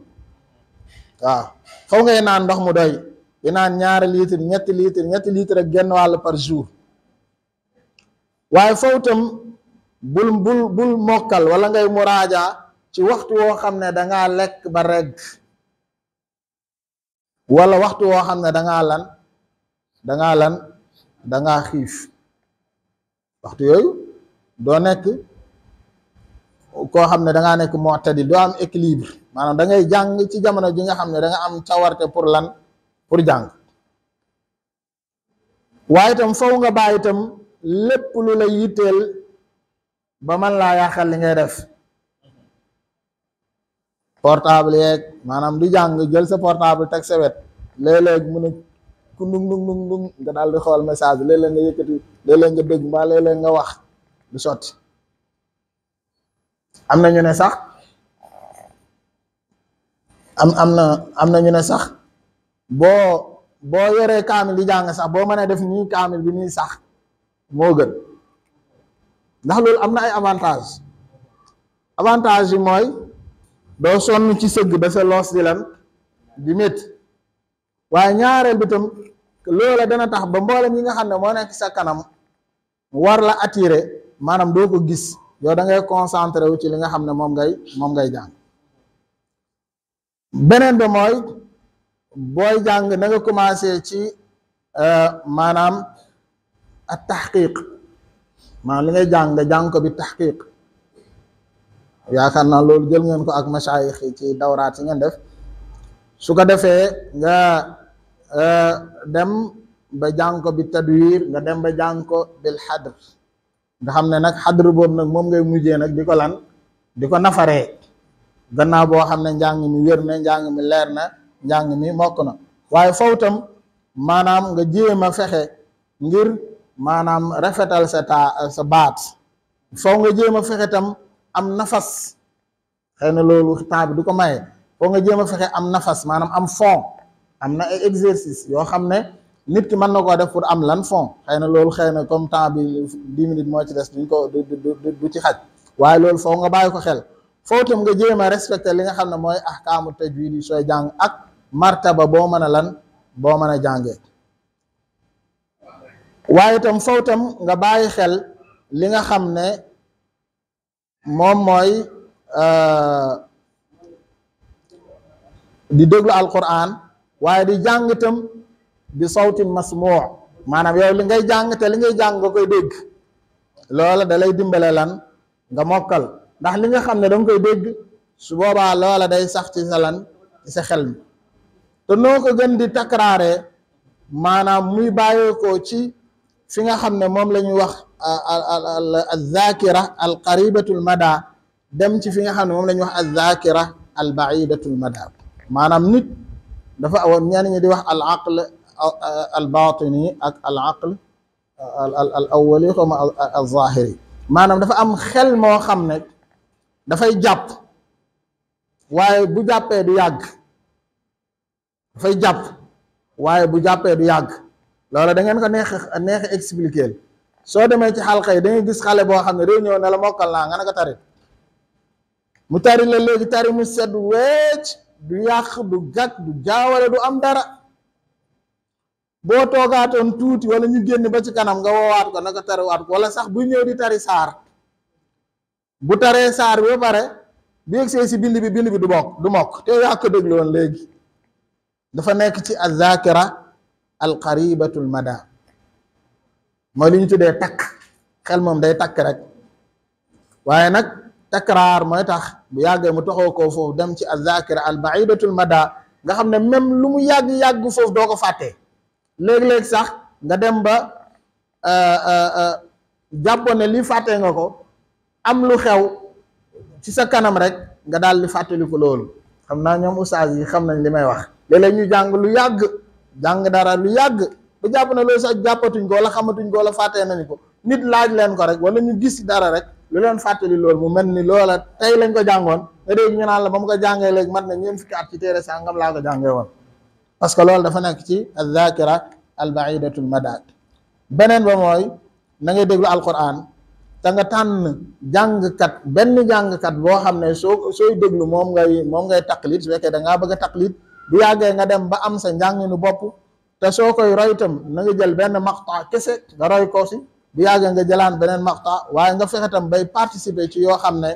waaw foofu ngay naan ndox mu doy di naan ñaari litre ñetti litre ñetti litre ak genn wàll par jour waaye foofu tam bul bul bul mokkal wala ngay muraaja ci waxtu woo xam ne dangaa lekk ba regg wala waxtu woo xam ne dangaa lan danga lan dangaa xiif waxtu yooyu doo nekk koo xam ne dangaa nekk motadi doo am équilibre maanaam da ngay jàng ci jamono ji nga xam ne danga am cawarte pour lan pour jàng waaye tam faw nga bàyyi itam lépp lu la yitteel ba man laa yàqal li ngay def portable yeeg maanaam di jàng jël sa portable teg sa wet léeg mu ne ku ndung ndung ndung nga daal di xool message bi léeg-léeg nga yëkkati léeg leen nga bëgg mbaa léeg-léeg nga wax du sot am na ñu ne sax am am na am na ñu ne sax boo boo yoree kaamil di jàng sax boo mënee def nii kaamil bi nii sax moo gën ndax loolu am na ay avantage avantage yi mooy doo sonn ci sëgg ba sa loos di lan bi metti waaye ñaareel bitam tam loola dana tax ba mboolem yi nga xam ne moo nekk sa kanam war la attirer maanaam doo ko gis yow da ngay concentré wu ci li nga xam ne moom ngay moom ngay jàng beneen bi mooy booy jàng na nga commencé ci euh, maanaam at taxqiq maanaam li ngay jàng nga jàng ko bi taxqiq yaakaar naa loolu jël ngeen ko ak masaayix yi ci dawraat yi ngeen def su ko defee nga Euh, dem ba jàng ko bi tadwir nga dem ba jàng ko bil xadr nga xam ne nag xadr boobu nag moom ngay mujjee nag di ko lan di ko nafaree gannaaw boo xam ne njàng mi wér na njàng mi leer na njàng mi mokk na waaye faw tam maanaam nga jéem a fexe ngir maanaam rafetal sa taa sa baat faw nga jéem a fexe tam am nafas xëy na loolu temps bi du ko maye faw nga jéem a fexe am nafas maanaam am fond am na ay exercice yoo xam ne nit ki mën na koo def pour am lan fond xëy na lool xëy na comme temps bi dix minutes moo ci des duñ ko du du ci xaj waaye loolu foofu nga bàyyi ko xel foofu itam nga jéem a respecté li nga xam ne mooy ahkaamu tajwiid yi sooy jàng ak martaba boo mën a lan boo mën a jàngee waaye itam foofu nga bàyyi xel li nga xam ne moom mooy euh, di déglu Alquran. waaye di jàng itam bi sawtin masmoo maanaam yow li ngay jàng te li ngay jàng nga koy dégg loola da lay dimbale lan nga mokkal ndax li nga xam ne danga koy dégg su boobaa loola day sax ci sa lan sa xel mi te noo ko gën di takraare maanaam muy bàyyeekoo ci fi nga xam ne moom la ñuy wax azakira al qaribatul mada dem ci fi nga xam ne moom la wax azakira al baidatul mada nit dafa awoon ñenn ñi di wax al aql al batini ak al aql al awwali comme al zahiri maanaam dafa am xel moo xam ne dafay jàpp waaye bu jàppee du yàgg dafay jàpp waaye bu jàppee du yàgg loolu da ngeen ko neex neex expliquer soo demee ci xalqa yi da ngay gis xale boo xam ne day ñëw ne la mokkal naa nga ne ko tari mu tari la léegi tari mu sedd weec du yàq du gàkk du jaawale du am dara boo toogaatoon tuuti wala ñu génn ba ci kanam nga woowaat ko naka tariwaat ko wala sax buy ñëw di tari saar bu taree saar bi ba pare bi egsee si bind bi bind bi du mokk du mokk te yaa ko déglu léegi dafa nekk ci azakira alqaribatul mada mooy li ñu tuddee takk xel moom day takk rek waaye nag takraar mooy tax bu yàggee mu toxoo ko foofu dem ci azakira al baidatul mada nga xam ne même lu mu yàgg-yàgg foofu doo ko fàttee léeg-léeg sax nga dem ba euh, euh, euh, jàppoon ne li fàttee nga ko am lu xew ci sa kanam rek nga daal di fàttaliku loolu xam naa ñoom ustaas yi xam nañ li may wax léeg ñu jàng lu yàgg jàng dara lu yàgg ba jàpp na loolu sax jàppatuñ ko wala xamatuñ ko wala fàttee nañ ko nit laaj leen ko rek wala ñu gis dara rek lu leen fàttali loolu mu mel ni loola tey lañ ko jàngoon nga dégg ñu naan la ba mu ko jàngee léegi mat na ñeent fukki at ci téere sàngam laa ko jàngee woon parce que loolu dafa nekk ci azakira albaidatul madad beneen ba mooy na ngay déglu alquran te nga tànn jàngkat benn jàngkat boo xam ne soo sooy déglu moom ngay moom ngay taqlid su fekkee da ngaa bëgg a taqlid bu yàggee nga dem ba am sa njànginu bopp te soo koy roy itam na nga jël benn maqta kese nga ko si bu yàggee nga jalaan beneen maxta waaye nga fexe tam bay participer ci yoo xam ne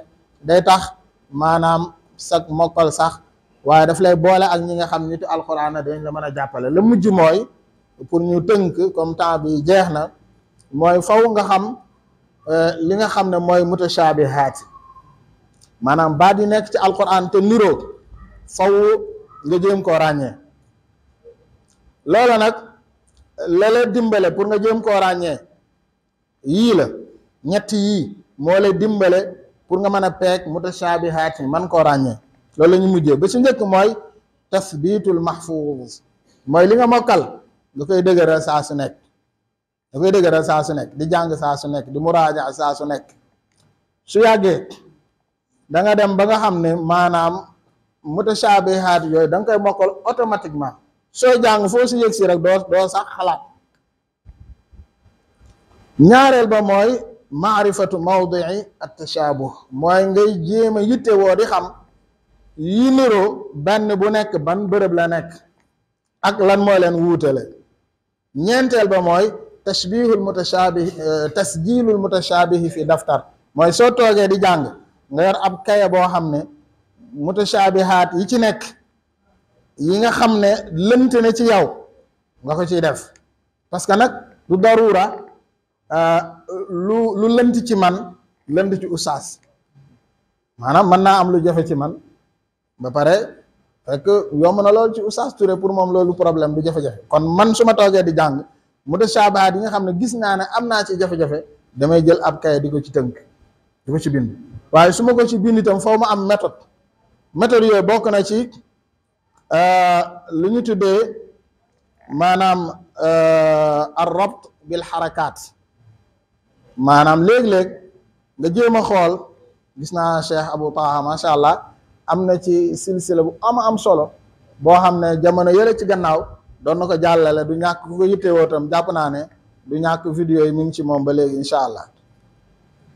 day tax maanaam sag mokkal sax waaye daf lay boole ak ñi nga xam nitu alxuraan dañ la mën a jàppale la mujj mooy pour ñu tënk comme temps bi jeex na mooy faw nga xam euh, li nga xam ne mooy mutashaabihaat maanaam baat yi nekk ci alxuraan te niroo faw nga jéem koo ràññee loolu nag la la dimbale pour nga jëm koo ràññee yii la ñett yii moo lay dimbale pour nga mën a peeg mutashaabihaat yi man koo ràññee loolu la ñu mujjee ba si njëkk mooy tasbiitul mahfuuz mooy li nga mokkal nga koy dëgëral saa su nekk nga koy dëgëral saa su nekk di jàng saa su nekk di muraaja saa su nekk su yàggee danga dem ba nga xam ne maanaam mutashaabihaat yooyu danga koy mokkal automatiquement soo jàng foo si yëg si rek doo doo sax xalaat ñaareel ba mooy maarifatu mawdii attashaabuh mooy ngay jéem a yitte woo di xam yi niroo benn bu nekk ban bërëb la nekk ak lan mooy leen wuutale ñeenteel ba mooy tashbihul mutashaabihi euh, tasjilul mutashaabihi fi daftar mooy soo toogee di jàng nga yor ab kaya boo xam ne mutashaabihaat yi ci nekk yi nga xam ne lënt na ci yow nga ko ciy def parce nag du darura Euh, lu lu lënt ci man lënt ci oustaz maanaam mën naa am lu jafe ci man ba pare fekk yomb na loolu ci oustaz Touré pour moom loolu problème du jafe-jafe kon man su ma toogee di jàng mu de saabaat yi nga xam ne gis naa ne am naa ci jafe-jafe damay jël ab kay di ko ci tënk di ko ci bind waaye su ma ko ci bind itam foo ma am méthode méthode yooyu bokk na ci euh, lu ñu tuddee maanaam euh, ar rabt bil xarakaat maanaam léeg-léeg nga jéem a xool gis naa Cheikh Abou Taha macha allah am na ci silsila bu ama am solo boo xam ne jamono yële ci gannaaw doon na ko jàllale du ñàkk ku ko yittewoo tam jàpp naa ne du ñàkk vidéo yi mi ngi ci moom ba léegi incha allah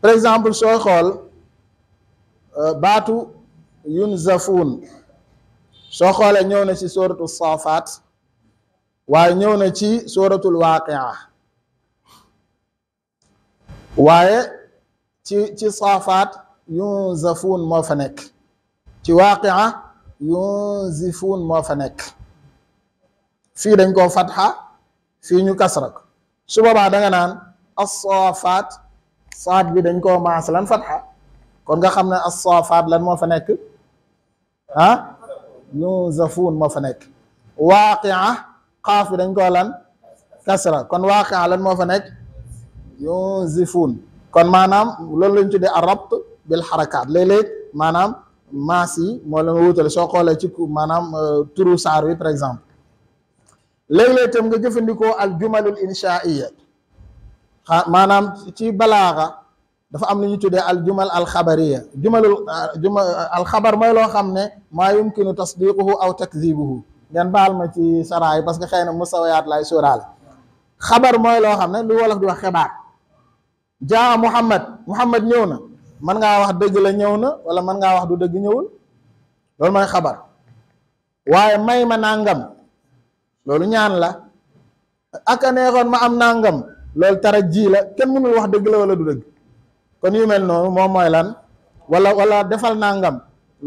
par exemple sooy xool euh, baatu yunzafuun soo xoolee ñëw na ci suratul safaat waaye ñëw na ci sooratul waaqia waaye ci ci saafaat yunzafuun moo fa nekk ci waaqia yunzifuun moo fa nekk fii dañ koo fatxa fii ñu kasra ko su boobaa da nga naan assaafaat saat bi dañ ko maas lan fatxa kon nga xam ne assaafaat lan moo fa nekk ah yunzafuun moo fa nekk waaqia xaaf bi dañ koo lan kasra kon waaqia lan moo fa nekk yunzifun kon maanaam loolu lañ tuddee arabt bil xarakaat léeg-léeg maanaam maas yi moo la ma wutale soo xoolee ci maanaam euh, turu saar wi par exemple léeg-léeg tam nga jëfandikoo al jumalul inshaiya maanaam ci balaaxa dafa am lu ñu tuddee al jumal al xabariya jumalul euh, juma euh, al xabar mooy loo xam ne maa yumkinu tasdiquhu aw takdibuhu ngeen baal ma ci saraay parce que xëy na musawayaat lay sóoraale xabar mooy loo xam ne lu wolof di wax xibaar jaa Muhammad Muhammad ñëw na man ngaa wax dëgg la ñëw na wala man ngaa wax du dëgg ñëwul loolu mooy xabar waaye may ma nàngam loolu ñaan la ak a neexoon ma am nàngam loolu tara jii la kenn mënul wax dëgg la wala du dëgg kon yu mel noonu moom mooy lan wala wala defal nàngam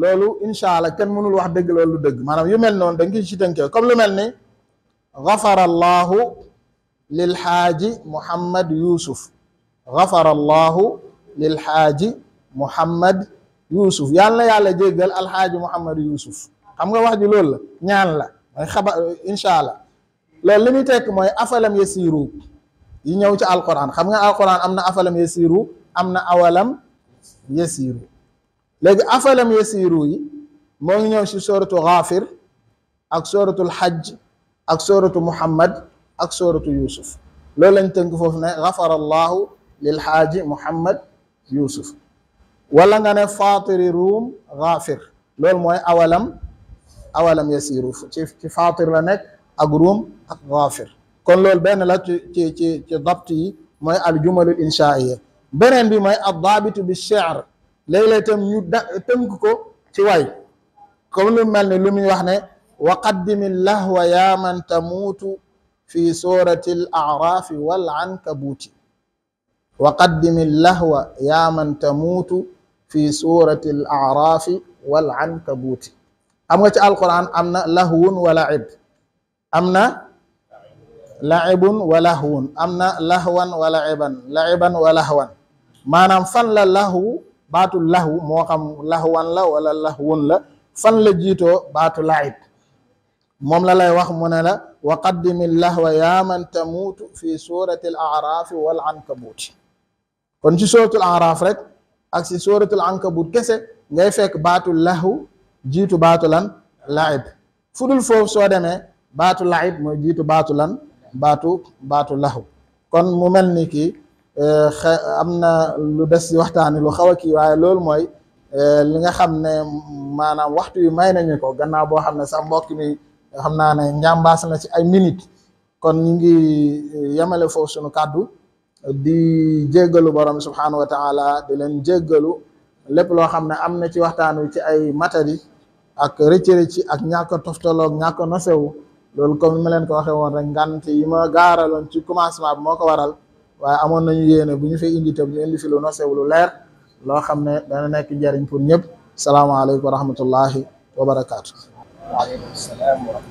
loolu incha kenn mënul wax dëgg la wala dëgg maanaam yu mel noonu dañ koy ci tënkee comme lu mel ni gafara allahu lil xaaji Muhammad Yuusuf xafara allahu lil xaaji muhammad yusuf yàlla na yàlla jéggal alxaaji muhammad yusuf xam nga wax ji loolu la ñaan la mooy xaba incha allah loolu li muy tekk mooy afalam yasiru yi ñëw ci alquran xam nga alquran am na afalam yasiru am na awalam yasiru léegi afalam yasiru yi moo ngi ñëw ci suratu Ghafir ak suratu Hajj ak suratu Muhammad ak suratu Yusuf loolu lañ tënk foofu ne ghafara allahu lil xaaji Muhammad Yusuf wala gaafir loolu mooy awalam awalam yasiru ci ci la nekk ak ruum ak gaafir kon loolu benn la ci ci ci ci dabt mooy aljumalul inshaiya beneen bi mooy addaabitu bi sheer léeg-léeg ci way comme lu mel ni lu muy wax ne wa qaddimi lahwa yaa man fi surati al araafi wal ankabuuti wa qaddimi llahwa yaa man tamuutu fi surati al aaraafi wal ankabuuti am nga ci alquran am na lahwun wa laib am na laibun wa lahwun am na lahwan wa laiban laiban wa lahwan maanaam fan la lahwu baatu lahwu moo xam lahwan la wala lahwun la fan la jiitoo baatu laib moom la lay wax mu ne la wa qaddimi llahwa yaa man tamuutu fi surati al aaraafi wal ankabuuti kon ci sooratul Araaf rek ak si sooratul Ankabut kese ngay fekk baatu lahu jiitu baatu lan laib fudul foofu soo demee baatu laib mooy jiitu baatu lan baatu baatu lahu kon mu mel ni kii eh, am na lu des si waxtaani lu xaw a kii waaye loolu mooy eh, li nga xam ne maanaam waxtu yu may nañu ko gannaaw boo xam ne sax mbokk mi xam naa ne njàmbaas na ci ay minute kon ñu ngi eh, yamale foofu sunu kàddu di jéggalu borom subhanahu wa taala di leen jéggalu lépp loo xam ne am na ci waxtaan wi ci ay matari ak rëcci-rëcci ak ñàkk a toftaloog ñàkk a nosewu loolu comme ni ma leen ko waxee woon rek ngant yi ma gaaraloon ci commencement bi moo ko waral waaye amoon nañu yéene bu ñu fay indi tam ñu indi fi lu nosewu lu leer loo xam ne dana nekk njariñ pour ñëpp salaamaaleykum wa rahmatullahi wa barakaatu. waaleykum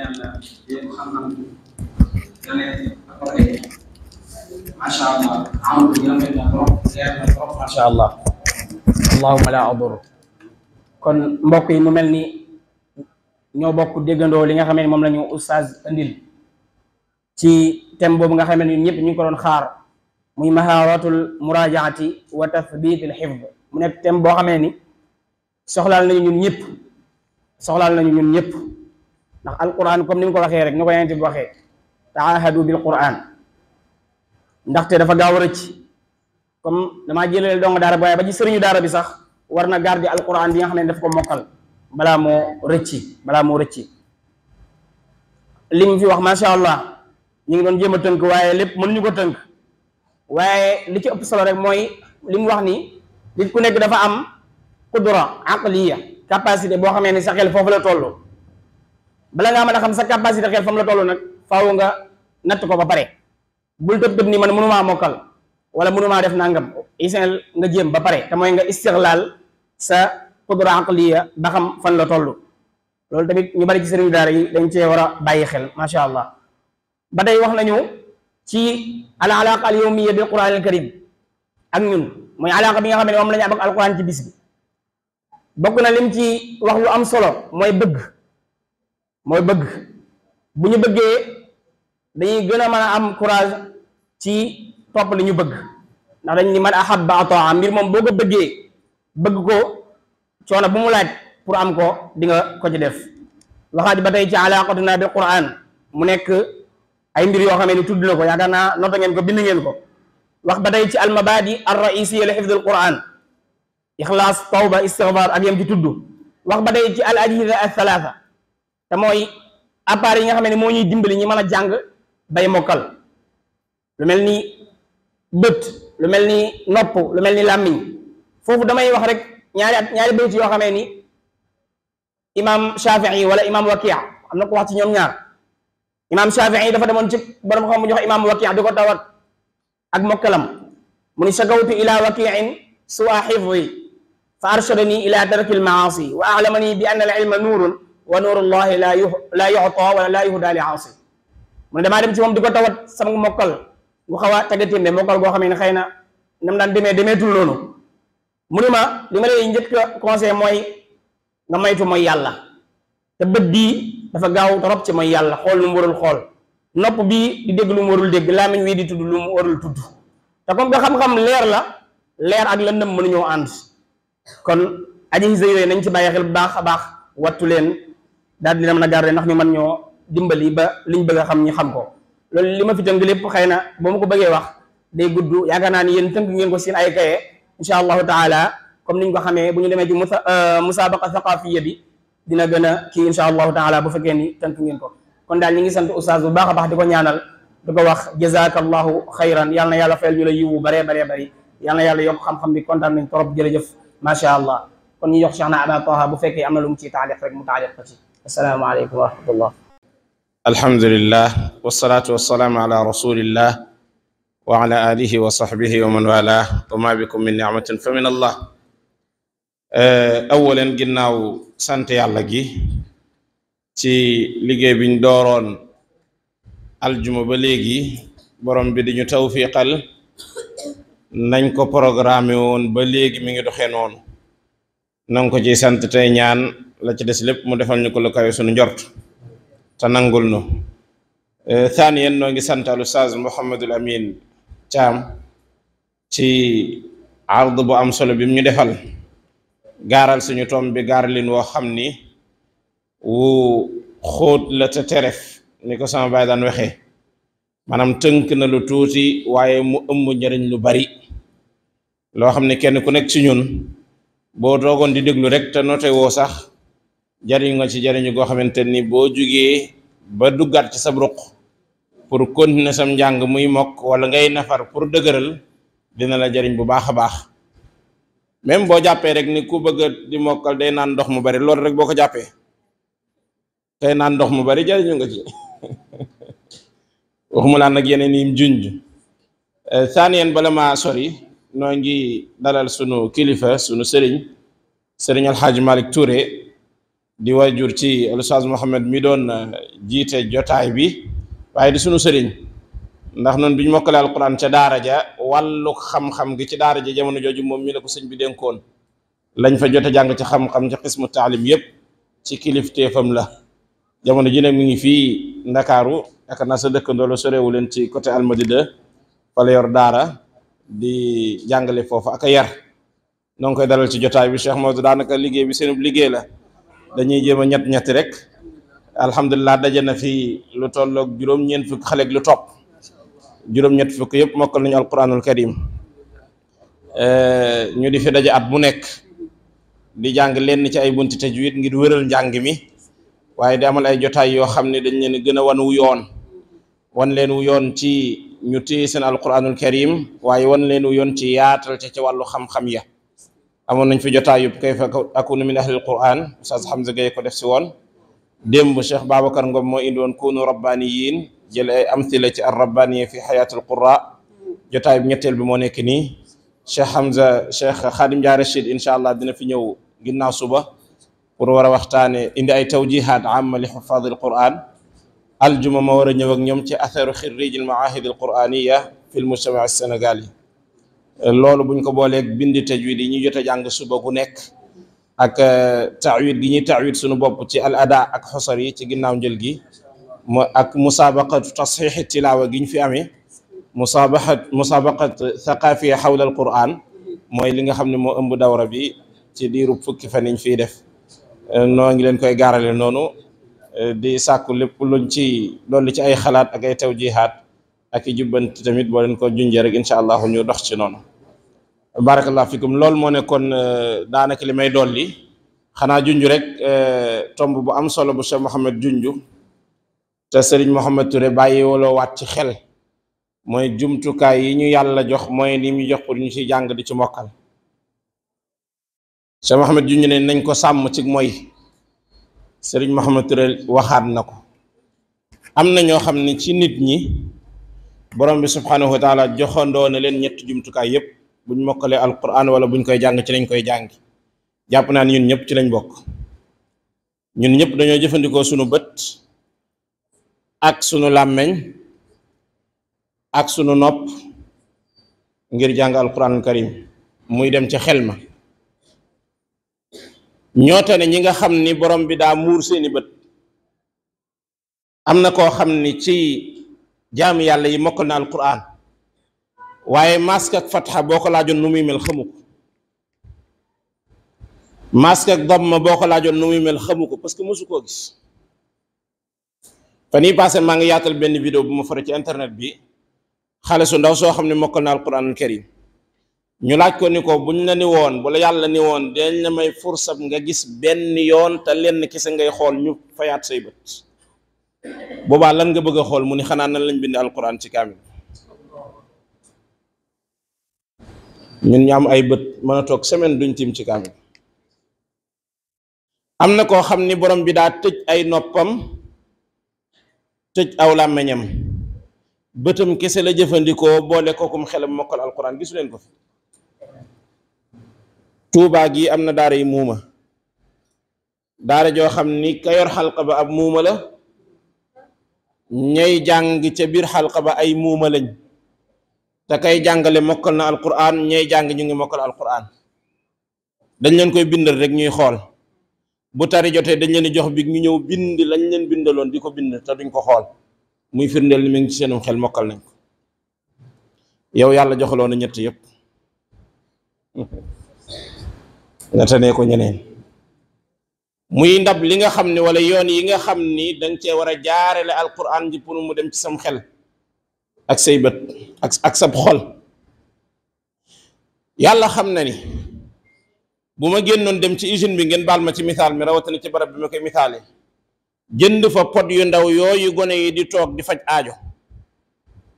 yàlla yéen allahuma la abur kon mbokk yi mu mel ni ñoo bokk déggandoo li nga xam ne moom la ñu oustaz andil ci thème boobu nga xam ne ñun ñëpp ñu ngi ko doon xaar muy maharatul muraajaati wa tathbit al mu nekk thème boo xamee ni soxlaal nañu ñun ñëpp ndax al alquran comme ni mu ko waxee rek ni ko yonent bi waxee taahadu bil quran ndaxte dafa gaaw a rëcc comme damaa jëlale dong daara bi waaye ba ci sëriñu daara bi sax war na garder alquran bi nga xam ne daf ko mokkal balaa moo rëcci balaa moo rëcci li mu fi wax macha allah ñu ngi doon jéem a tënk waaye lépp mënuñu ko tënk waaye li ci ëpp solo rek mooy li mu wax ni nit ku nekk dafa am qudra aqliya capacité boo xamee ni sa xel foofu la toll bala ngaa mën a xam sa capacité xel fam la toll nag faaw nga natt ko ba pare bul tëb tëb ni man mënumaa mokkal wala mënumaa def nangam isin nga jéem ba pare te mooy nga istixlaal sa qudra aqliya ba xam fan la toll loolu tamit ñu bari ci sëriñ daara yi dañ cee war a bàyyi xel macha allah ba tey wax nañu ci al alaqa al yawmiya bil quran al ak ñun mooy alaqa bi nga xam ne moom la ñu ci bis bokk na lim ci wax lu am solo mooy bëgg mooy bëgg bu ñu bëggee dañuy gën a mën a am courage ci topp li ñu bëgg ndax dañ ni man ahabba ataa mbir moom boo ko bëggee bëgg ko coono bu mu laaj pour am ko di nga ko ci def waxaat ba tey ci alaqatuna bi quran mu nekk ay mbir yoo xam ne tudd na ko yaakaar naa nota ngeen ko bind ngeen ko wax ba tey ci almabadi ar raisiya li xifdul quran ixlaas tawba istigfaar ak yem ci tudd wax ba tey ci al ajhida al thalatha te mooy appareil yi nga xam ne moo ñuy dimbali ñi mën a jàng bay mokkal lu mel ni bët lu mel ni nopp lu mel ni làmmiñ foofu damay wax rek ñaari at ñaari bayt yoo xamee ni imam Shafii wala imam Wakia am na ko wax ci ñoom ñaar imam Shafii dafa demoon ci borom xam bu ñu wax imam Wakia ko tawat ak mokkalam mu ni shakawtu ila wakiin suwa xifdi fa arshadani ila tarki almaasi wa alamani bi anna al ilma nuurun wa nuurullahi laa yu laa yuxtaa wala laa yuhdaa li aasi mu ne damaa dem ci moom di tawat sama mokkal gu xaw a tagga témbe mokkal goo xam ne xay na nam daan demee demeetul noonu mu ne ma li ma lay njëkk mooy nga maytu mooy yàlla te bët bii dafa gaaw torop ci mooy yàlla xool lu warul xool nopp bii di dégg lu mu warul dégg di tudd lu mu warul tudd te comme que xam-xam leer la leer ak lëndëm mënuñoo ànd kon aji hisa yooyu nañ ci bàyyi xel bu baax a baax wattu leen daal dina mën a garder ndax ñu man ñoo dimbali ba liñ bëgg a xam ñi xam ko loolu li ma fi tënk lépp xëy na ba ma ko bëggee wax day gudd yaakaar naa ni yéen tënk ngeen ko seen ay kaye incha allahu taala comme niñ ko xamee bu ñu demee ci musa euh, musaabaqa saqafiya bi dina gën a kii incha allahu taala bu fekkee ni tënk ngeen ko kon daal ñi ngi sant oustaz bu baax a baax ko ñaanal di ko wax jazakallahu xayran yal na yàlla fayal ñu la yiwu baree baree bari yal na yàlla yokk xam-xam bi kontaan nañ trop jërëjëf macha allah kon ñu jox Cheikhna bu fekkee am na lu mu ciy taaliq rek mu taaliq ko ci asalaamaaleykum wa rahmatullah alhamdulillah wasalaatu wasalaamu ala rasulillah wa ala alihi wa sahbihi wa man wala wa ma bikum min ni'matin fa min allah eh, awalan ginnaaw sant yàlla gi ci liggéey biñ dooroon aljuma ba léegi borom bi di ñu tawfiqal nañ ko programme woon ba léegi mi ngi doxee noonu nanga ko ci sant tey ñaan la ci des lépp mu defal nu ko lu kawe sunu njort te nangul nu euh, thaniyan noo ngi sant al ustaaz Mouhamadul Amin caam ci ard bu am solo bim ñu defal gaaral suñu toom bi gaarlin woo xam ni wu xóot la te teref ni ko sama baay daan waxee maanaam tënk na lu tuuti waaye mu ëmb njëriñ lu bari loo xam ne kenn ku nekk ci ñun boo toogoon di déglu rek te noté woo sax jariñu nga ci jariñu goo xamante ni boo jugee ba duggaat ci sa ruq pour continuer sam njàng muy mokk wala ngay nafar pour dëgëral dina la jariñ bu baax a baax même boo jàppee rek ni ku bëgg di mokkal day naan ndox mu bari loolu rek boo ko jàppee tey naan ndox mu bari jariñu nga ci waxuma laa nag yeneen yim junj eh, saaniyeen bala maa sori noo ngi dalal sunu kilifa sunu sëriñ sëriñ Alxaaji Malick Touré di waajur ci Oustaz Mouhamed mi doon na eh, jiite jotaay bi waaye di sunu sëriñ ndax noonu bi ñu mokkale alquran ca daara ja wàllu xam-xam gi ci daara ja jamono jooju moom mi la ko sëñ bi dénkoon lañ fa jote jàng ci xam-xam ci xismu taalim yëpp ci kilifteefam la jamono ji nag mi ngi fii ndakaaru yaakaar naa sa dëkkandoo la sorewu leen ci côté Almadida fa la yor daara di jàngale foofu ak a yar noo koy dalal ci jotaay bi Cheikh Maodo daanaka liggéey bi seenub liggéey la dañuy jëm a ñett ñetti rek alhamdulilah daje na fi lu tolloog juróom lu topp juróom-ñett fukk yëpp mokkal nañu alquranul karim eh, ñu di fi daje at bu nekk di jàng lenn ci ay bunti tajwid ngir wëral njàng mi waaye di amal ay jotaay yoo xam ne dañ leen gën a wan wu yoon wan leen wu yoon ci ñu téye seen alquranul karim waaye wan leen wu yoon ci yaatal ca ci wàllu xam-xam ya amoon nañ fi jotaay yub kayfa akunu min ahlil quran ustaz Hamza Gaye ko def si woon démb Cheikh Babacar Ngom moo indi woon kunu rabbaniyin jël ay amthila ci ar rabbaniya fi xayaatul qura jotaay bu ñetteel bi moo nekk nii Cheikh Hamza Cheikh Khadim Dia Rachid allah dina fi ñëw ginnaaw suba pour war a waxtaane indi ay tawjihaat amma li xufaadil quran aljuma ma war a ñëw ak ñoom ci atharu xirrijil maahidil fi l mujtama sénégal yi loolu buñ ko booleeg bindi tajwid yi ñu jot a jàng suba gu nekk ak euh, taawit gi ñuy taawit sunu bopp ci al ada ak xosar yi ci ginnaaw njël gi ak musaabaqatu tasxiixi tilaawa gi ñu fi amee musaabaxat musaabaxat thaqaafiya xawla al quran mooy li nga xam ne moo ëmb dawra bi ci diiru fukki fan yiñ fiy def euh, noo ngi leen koy gaarale noonu euh, di sàkku lépp luñ ci loolu ci ay xalaat ak ay tawjihaat ak i jubbanti tamit boo leen ko junjee rek incha allahu ñu dox ci noonu barakallahu fikum loolu moo nekkoon euh, daanaka li may dolli xanaa junju rek euh, tomb bu am solo bu Cheikh Mouhamed junju te Serigne Mouhamed Touré bàyyi waloo waat ci xel mooy jumtukaay yi ñu yàlla jox mooy li ñu jox pour ñu ci jàng di ci mokkal Cheikh Mouhamed junj ne nañ ko sàmm ci mooy Serigne Mouhamed Touré waxaat na ko am na ñoo xam ni ci nit ñi borom bi subhanahu wa taala joxandoo na leen ñetti jumtukaay yépp buñ mokkalee alquran wala buñ koy jàng ci lañ koy jàngi jàpp naa ne ñun ñëpp ci lañ bokk ñun ñëpp dañoo jëfandikoo sunu bët ak sunu làmmeñ ak sunu nopp ngir jàng alquran karim muy dem ci xel ma ñoote ne ñi nga xam ni borom bi daa muur seeni bët am na koo xam ni ci jaam yàlla yi mokkal na alquran waaye masque ak fatxa boo ko laajoon nu muy mel xamu ko masque ak damma boo ko laajoon nu muy mel xamu ko parce que mosu koo gis fan yii passé maa ngi yaatal benn vidéo bu ma fara ci internet bi xale su ndaw soo xam ne mokkal na alquran karim ñu laaj ko ni ko buñ la ni woon bu la yàlla ni woon dañ la may fursab nga gis benn yoon te lenn kese ngay xool ñu fayaat say bët boobaa lan nga bëgg a xool mu ni xanaa nan lañ bind alquran ci kaamil ñun ñu am ay bët mën a toog semaine duñ tiim ci kaamil am na koo xam ni borom bi daa tëj ay noppam tëj aw làmmeñam bëtam kese la jëfandikoo boole kookum xelam mokkal alquran gisu leen ko fi tuubaa gi am na daara muuma daara joo xam ni ka yor ba ab muuma la ñay jàng ca biir xalqa ba ay muuma lañ te kay jàngale mokkal na alquran ñay jàng ñu ngi mokkal alquran dañ leen koy bindal rek ñuy xool bu tari jotee dañ leen di jox bi ñu ñëw bind lañ leen bindaloon di ko bind te duñ ko xool muy firndeel ni mu ngi ci seenum xel mokkal nañ ko yow yàlla joxaloo na ñett yëpp nga ne ko ñeneen muy ndab li nga xam ne wala yoon yi nga xam ni danga cee war a jaarale alquran ji pour mu dem ci sam xel ak say bët ak ak sab xol yàlla xam na ni bu ma génnoon dem ci usine bi ngeen baal ma ci misaal mi rawatina ci barab bi ma koy misaale jënd fa pot yu ndaw yooyu gone yi di toog di faj aajo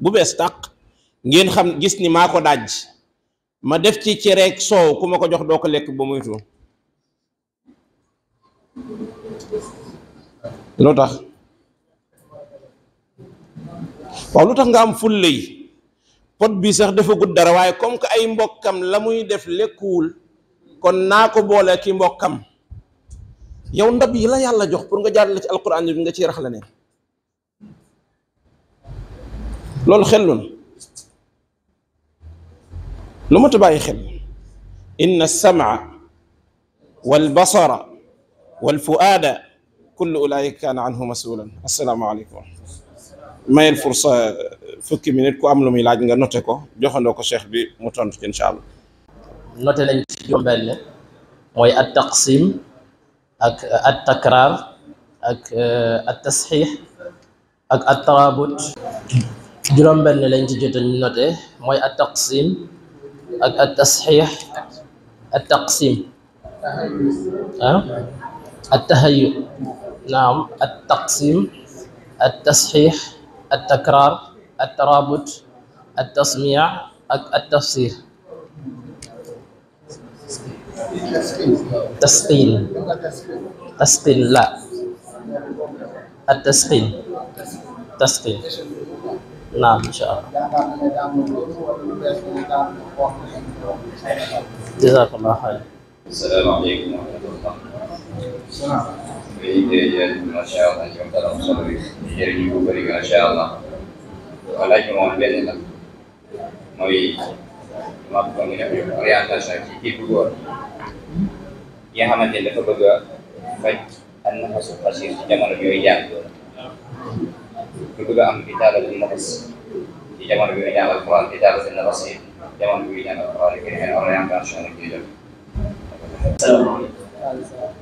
bu bees tàq ngeen xam gis ni maa ko daj ma def ci cereeg soow ku ma ko jox doo ko lekk ba moytu loo tax waaw lu tax nga am fulla yi pot bi sax dafa dara waaye comme que ay mbokkam la muy def lekkuwul kon naa ko boole ki mbokkam yow ndab yi la yàlla jox pour nga jaarale ci alquran bi nga ciy rax la ne loolu xellun lu ma ta bàyyi xel inna alsamaa walbasara walfuaada kullu ulaika kaana anhu masulan assalaamu aleykum mayel fursa fukki minute ku am lu muy laaj nga noté ko joxandoo ko cheikh bi mu tontu ci incha allah noté nañ ci juróom-benn mooy at taqsim ak at takraar ak euh, at tasxiix ak at taraabut juróom-benn lañ ci jot a noté mooy ak at tasxiix at taqsim ah at tahayu naam at taqsim at takraar at taraabut at tasmiya ak at tafsir tasqin tasqin la at tasqin tasqin naam incha allah jazakallah xayr salaamaaleykum wa rahmatullah day indee njëriñ macha allah ñoom dara am solo bi njëriñ bu bëri macha allah laaj bi moom benn la mooy maa bëggoon nga def orientation ci kii bu góor yi nga xamante ne dafa bëgg a faj an nafasu xasir ci jamono bi yooyu jàng lu bëgg a am itaala bu nafas ci jamono bi yooyu jàng alquran itaala bu nafas yi jamono bi yooyu jàng alquran orientation la kii def. salaamaaleykum.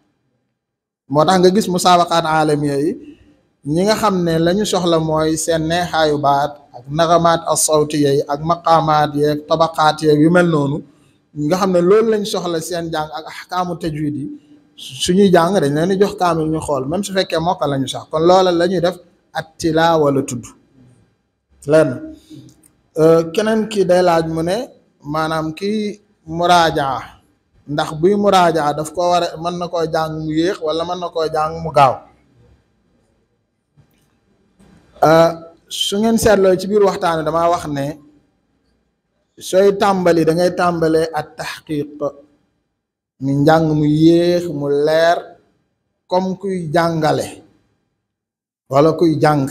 moo tax nga gis musaabaqaat aalamiya yi ñi nga xam ne lañu soxla mooy seen neexaayu baat ak nagamaat as sawtiya yi ak maqaamaat yeeg tabaqaat yeeg yu mel noonu nga xam ne loolu lañ soxla seen jàng ak ahkaamu tajwid yi suñuy jàng dañ leen di jox kaamil ñu xool même su fekkee mokk la ñu sax kon loola la ñuy def at tilaawa la tudd lenn keneen ki day laaj mu ne maanaam ki muraajaa ndax buy muraajaa daf ko war a mën na koo jàng mu yéex wala mën na koo jàng mu gaaw euh, su ngeen seetloo ci biir waxtaane dama wax ne sooy tàmbali da ngay tàmbalee at taxqiq mi njàng mu yéex mu leer comme kuy jàngale wala kuy jàng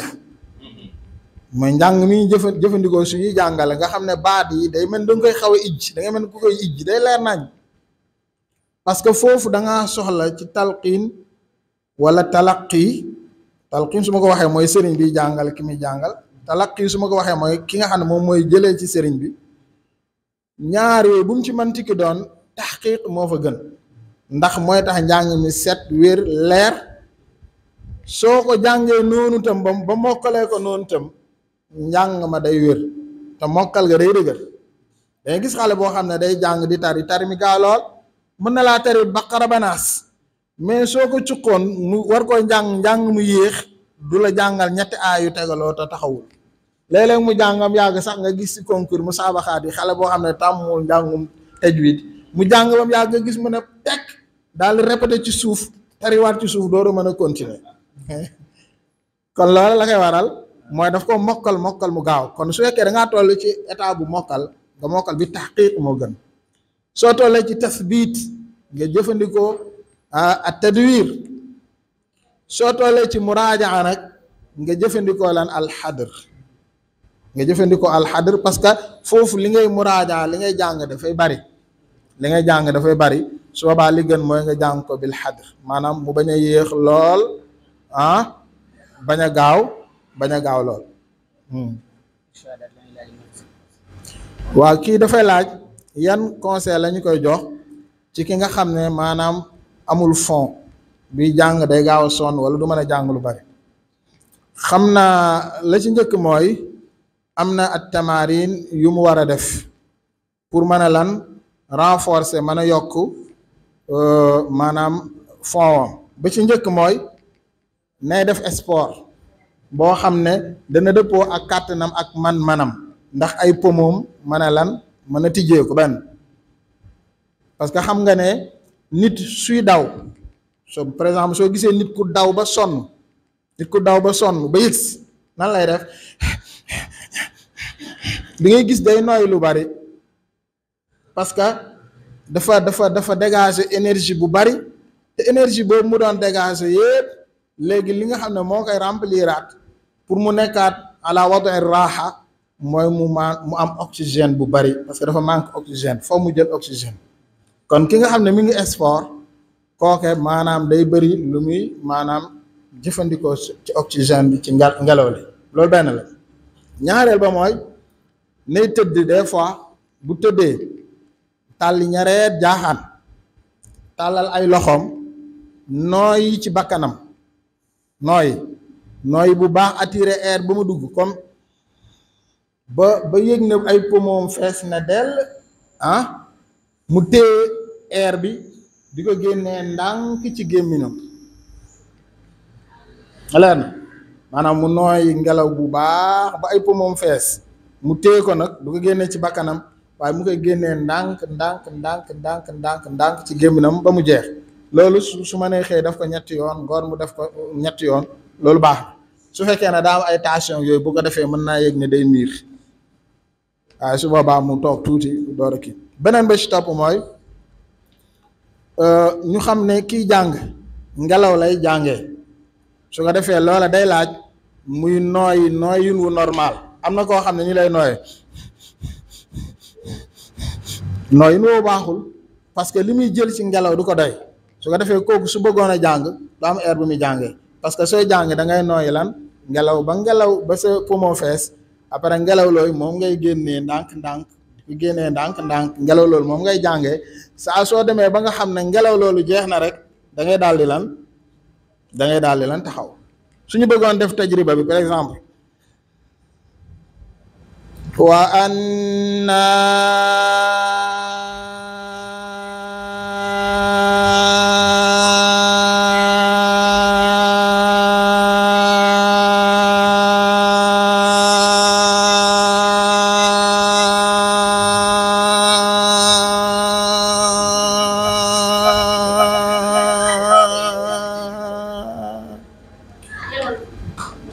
mooy njàng mi jëfa jëfandikoo suñuy jàngale nga xam ne baat yi day mel da nga koy xaw a ijj da ngay mel ku koy ijj day leer nañ parce que foofu danga soxla ci talkiin wala talaqi talqiin su ma ko waxee mooy sëriñ bi jàngal ki muy jàngal talaqi su ma ko waxee mooy ki nga xam ne moom mooy jëlee ci sëriñ bi ñaar yooyu bu mu ci manti ki doon taxqiq moo fa gën ndax mooy tax njàng mi set wér leer soo ko jàngee noonu tam ba ba mokkalee ko noonu tam njàng ma day wér te mokkal ga day dëgër dangay gis xale boo xam ne day jàng di tari tari mi gaa lool mën na laa tari baqara banaas mais soo ko cuqoon mu war koo njàng njàng mu yéex du la jàngal ñetti yu tegaloo te taxawul léeg-léeg mu jàngam yàgg sax nga gis ci concours mu saabaxaat yi xale boo xam ne tàmmul njàngum tajwid mu jàng yàgg nga gis mu ne tekk daal di répété ci suuf tariwaat ci suuf doo mën a continuer kon loolu la koy waral mooy daf koo mokkal mokkal mu gaaw kon su fekkee da ngaa toll ci état bu mokkal nga mokkal bi taxqiq moo gën soo tollee ci tathbit nga jëfandikoo a tadwir soo tollee ci muraajaa nag nga jëfandikoo lan alxadr nga jëfandikoo alxadr parce que foofu li ngay muraajaa li ngay jàng dafay bari li ngay jàng dafay bari su boobaa li gën mooy nga jàng ko bil xadr maanaam mu bañ a yéex lool ah bañ a gaaw baña a gaaw lool hmm. waaw kii dafay laaj yan conseil lañu koy jox ci ki nga xam ne maanaam amul fond bi jàng day gaaw a sonn wala du mën a jàng lu bari xam naa la njëkk mooy am na at tamarin yu mu war a def pour mën a lan renforcer mën a yokk euh, maanaam fondam ba ci njëkk mooy nay def sport boo xam ne dana dëppoo ak kàttanam ak man-manam ndax ay pomoom mën a lan mën a tijjee ko benn parce que xam nga ne nit suy daw so par exemple soo gisee nit ku daw ba sonn nit ku daw ba sonn ba yëg nan lay def bi ngay gis day nooy lu bari parce que dafa dafa dafa dégager énergie bu bari te énergie boobu mu doon dégager yépp léegi li nga xam ne moo koy remplir aat pour mu nekkaat ala wadu raaxa mooy mu maa mu am oxygène bu bari parce que dafa manque oxygène foo mu jël oxygène kon ki nga xam ne mi ngi sport kooke maanaam day bëri lu muy maanaam jëfandikoo ci oxygène bi ci ngelaw li loolu benn la ñaareel ba mooy nay tëdd des fois bu tëddee tàlli ñareet jaaxaan tàllal ay loxoom yi ci bakkanam nooyi nooyi bu baax attirer air ba mu dugg comme ba ba yëg na ay poumon fees na dell ah mu téye air bi di ko génnee ndànk ci gémminam leer na maanaam mu nooy ngelaw bu baax ba ay poumon fees mu téye ko nag du ko génnee ci bakkanam waaye mu koy génnee ndànk ndànk ndànk ndànk ndànk ndànk ci gémminam ba mu jeex loolu su su ma nee xëy daf ko ñetti yoon ngoor mu def ko ñetti yoon loolu baax na su fekkee ne daa am ay tension yooyu bu ko defee mën naa yëg ne day miir waaye su boobaa mu toog tuuti door beneen ba ci topp mooy euh, ñu xam ne kiy jàng ngelaw lay jànge su ko defee loola day laaj muy nooyi nooyin wu normal am na koo xam ne ñu lay nooyee nooyin woo baaxul parce que li muy jël ci ngelaw du ko doy su ko defee kooku su bëggoon jàng du am air bu muy jàngee parce que sooy jàngee da ngay nooyi lan ngelaw ba ngelaw ba sa poumon fees après ngelaw looyu moom ngay génnee ndànk-ndànk di génnee ndànk ngelaw loolu moom ngay jàngee saa soo demee ba nga xam ne ngelaw loolu jeex na rek da ngay daal di lan da daal di lan taxaw suñu bëggoon def tajriba bi par exemple wa anna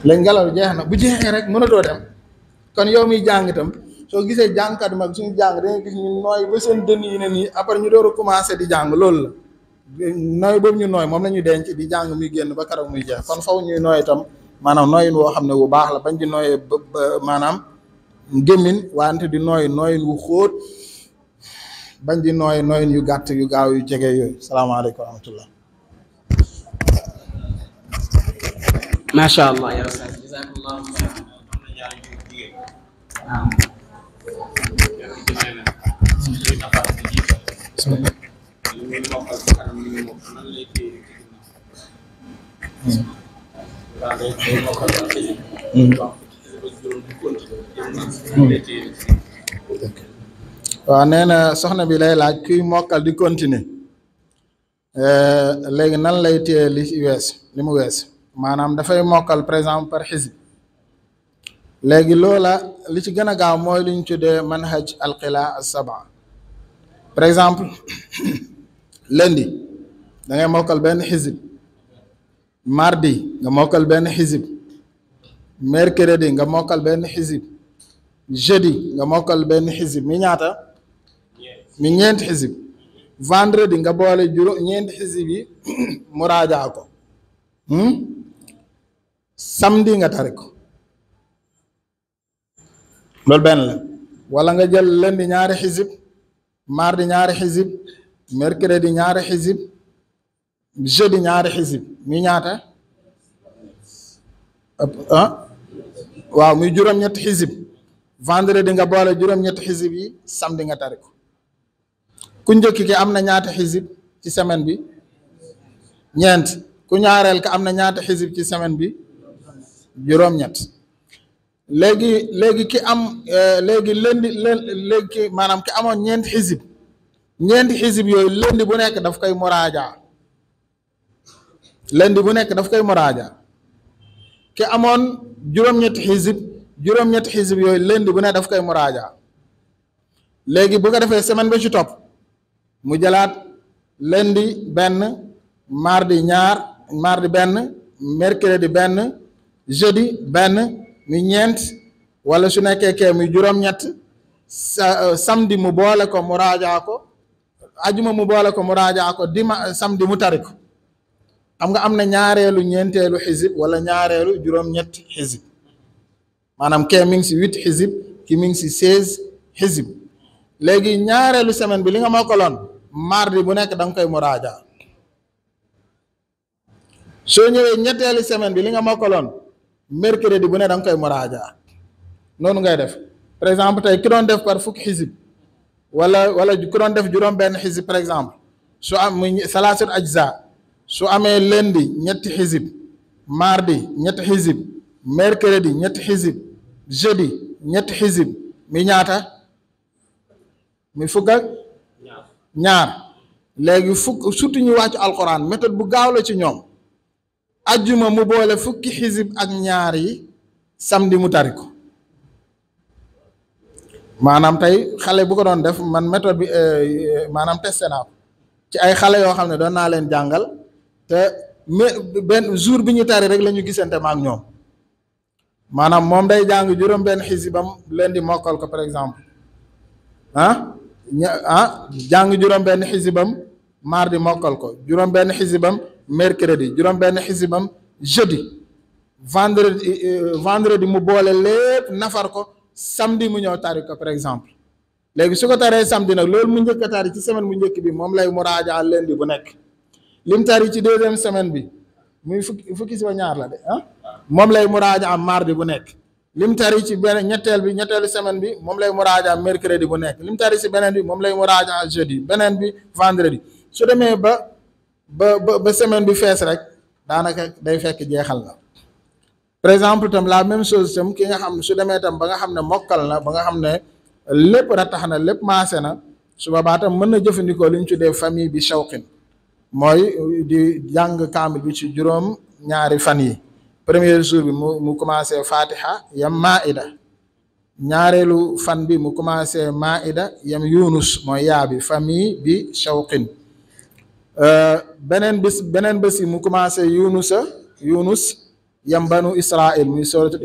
léegi ngelaw jeex na bu jeexee rek mënatoo dem kon yow mi jàng itam soo gisee jàngkat mag suñu jàng dañuy gis nooy ba seen dënn yi ne nii après ñu door commencé di jàng loolu la. nooy boobu ñu nooy moom la denc di jàng muy génn ba keroog muy jeex kon faw ñuy nooy itam maanaam nooyin woo xam ne bu baax la bañ di nooyee ba maanaam gémmin wante di nooy nooyin wu xóot bañ di nooy nooyin yu gàtt yu gaaw yu jege yooyu salaamaaleykum wa rahmatullah macha allah waaw nee na soxna bi lay laaj kuy mokkal di continuer eh, léegi nan lay téye li wees li mu wees maanaam dafay mokkal par exemple par xisb léegi loola li ci gën a gaaw mooy li lu dee tuddee manhaj alqila as-saba par exemple lundi da ngay mokkal benn xisib mardi nga mokal benn xisib mercredi nga mokkal benn xisib jeudi nga mokkal benn xisib mi ñaata mi ñeenti xisib vendredi nga boole juróom ñeenti xisib yi muraaja ko hmm? samedi nga tari ko loolu benn la wala nga jël lundi ñaari xisib mardi ñaari xisib mercredi ñaari xisib jeudi ñaari xisib muy ñaata ah waaw muy juróom-ñetti xisib vendredi nga boole juróom-ñetti xisib yi samedi nga tari ko ku njëkk ki am na ñaata xisib ci semaine bi ñeent ku ñaareel ka am na ñaata xisib ci semaine bi juróom-ñett léegi léegi ki am eh, léegi lendi léegi ki maanaam ki amoon ñeent xisib ñeenti xisib yooyu lendi bu nekk daf koy moraaja lendi bu nekk daf koy moraaja ki amoon juróom-ñetti xisib juróom-ñetti xisib yooyu lendi bu nekk daf koy moraaja léegi bu ko defee semaine ba ci topp mu jëlaat lendi benn mardi ñaar mardi benn mercredi benn jeudi benn muy ñeent wala su nekkee kee muy juróom-ñett euh, samdi mu boole ko mu raajaa ajuma mu boole ko mu raajaa dima euh, samdi mu tari ko xam nga am na ñaareelu ñeenteelu xizib wala ñaareelu juróom-ñett xizib maanaam kee mi ngi si huit xizib ki mi ngi si seize xizib léegi ñaareelu semaine bi li nga mokkaloon mardi bu nekk da nga koy muraaja soo ñëwee ñetteelu semaine bi li nga mokkaloon mercredi bu ne da nga koy muraaja noonu ngay def par exemple tey ki def par fukk xisib wala wala ku doon def juróom-benn xisib par exemple su am muy salaasul ajza su amee lundi ñetti xisib mardi ñetti xisib mercredi ñetti xisib jeudi ñetti xisib mi ñaata mi fukk ñaar léegi fukk surtout ñu wàcc alquran méthode bu gaaw la ci ñoom. ajjuma mu boole fukki xisib ak ñaar yi samedi mu tari ko maanaam tey xale bu ko doon def man méthode bi euh, maanaam testé naa ko ci ay xale yoo xam ne doon naa leen jàngal te benn jour bi ñu tari rek la ñu gisante ma ak ñoom maanaam moom day jàng juróom-benn xisibam leen di mokkal ko par exemple ah ah jàng juróom-benn xisibam mardi mokkal ko juróom-benn xisibam. mercredi juróom-benn xisibam jeudi vendredi euh, euh, vendredi mu boole lépp nafar ko samdi mu ñëw tari ko par exemple léegi su ko taree samedi nag loolu mu njëkk a tari ci semaine bu njëkk bi moom lay muraaja lundi bu nekk lim tari ci deuxième semaine bi muy fukki fukki si ba ñaar la ah moom lay muraaja am mardi bu nekk. lim tari ci beneen ñetteel bi ñetteelu semaine bi moom lay muraaja mercredi bu nekk lim tari ci beneen bi moom lay muraaja jeudi beneen bi vendredi su demee ba. ba ba semaine bi fees rek daanaka day fekk jeexal na par exemple tam la même chose tam ki nga xam su demee tam ba nga xam ne mokkal na ba nga xam ne lépp ratax na lépp maase na su boobaa mën na jëfandikoo liñ ñu tuddee famille bi shawqin mooy di jàng kaamil bi ci juróom ñaari fan yi premier jour bi mu mu commencé fatiha yam maida ñaareelu fan bi mu commencé maida yam yunus mooy yaa bi famille bi shawqin Euh, beneen bés beneen bés yi mu commencé yunusa yunus yam banu israil muy suratul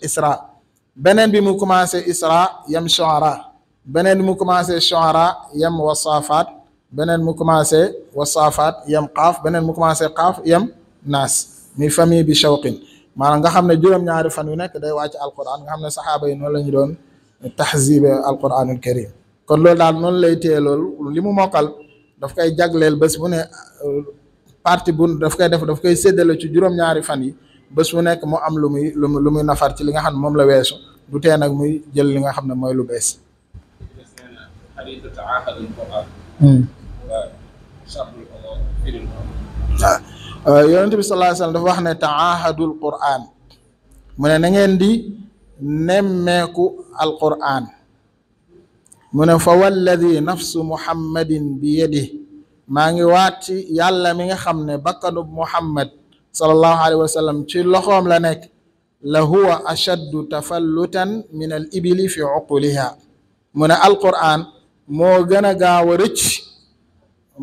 isra beneen bi mu commencé isra yam shuara beneen bi mu commencé shuara yam wasafat beneen mu commencé wasafat yam qaaf beneen mu commencé qaaf yam naas mi famille bi shawqin maana nga xam ne juróom-ñaari fan yu nekk day wàcc alquran nga xam ne saxaaba yi noonu doon taxzibe alquranul lay téye loolu li daf koy jagleel bés bu ne parti bu daf koy def daf koy séddale ci juróom-ñaari fan yi bés bu nekk mu am lu muy lu lu muy nafar ci li nga xam ne moom la weesu du tee nag muy jël li nga xam ne mooy lu bees. waaw hmm. ah, euh, yonent bi sallallahu alayhi wa sallam dafa wax ne taahadul qur'an mu ne nangeen di nemmeeku al qur'an mu ne fa walladi nafsu muhammadin bi yadi maa ngi waat ci yàlla mi nga xam ne bakkanub muhammad sallallahu alayhi wa sallam ci loxoom la nekk la huwa ashaddu tafallutan min al ibili fi uquliha mu ne alquran moo gën a gaaw a rëcc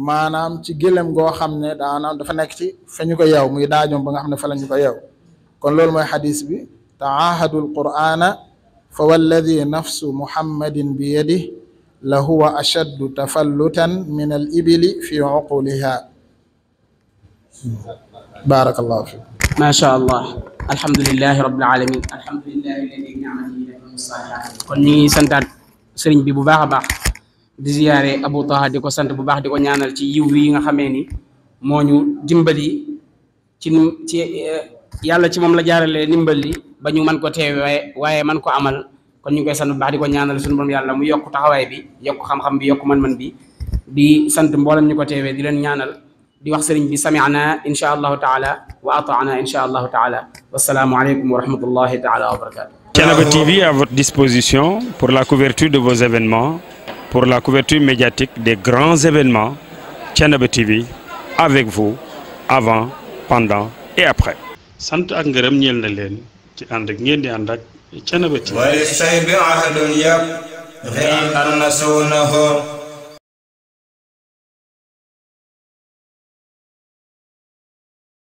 maanaam ci gëlëm goo xam ne daanaam dafa nekk ci fa ko ko mu muy daajoom ba nga xam ne fa la ko yeew kon loolu mooy xadis bi taahadul qur'ana fa walladi nafsu muhammadin bi yadi lahuwa ashaddu tafallutan min al ibili fi uquliha barakallahu fikum ma allah alhamdulilahi rabbil alamin kon ñu santaat sëriñ bi bu baax a baax di ziyaare abu Taha di ko sant bu baax di ko ñaanal ci yiw yi nga xamee ni moo ñu dimbali ci ci eh, yàlla ci moom la jaarale dimbali ba ñu mën ko teewee waaye man ko amal kon ñu ngi koy sant bu baax di ko ñaanal suñu borom yàlla mu yokk taxawaay bi yokk xam-xam bi yokk man-man bi di sant mboolem ñu ko teewee di leen ñaanal di wax sëriñ bi sami'na insha allahu taala wa ata'na insha allah taala wasalaamu aleykum wa rahmatullahi taala wa barakatu Thiénaba TV à votre disposition pour la couverture de vos événements pour la couverture médiatique des grands événements Thiénaba TV avec vous avant pendant et après sant ak ngërëm ñeel na leen ci ànd ak ngeen di canabati wali say bi ahadun yab ri an annasuunahu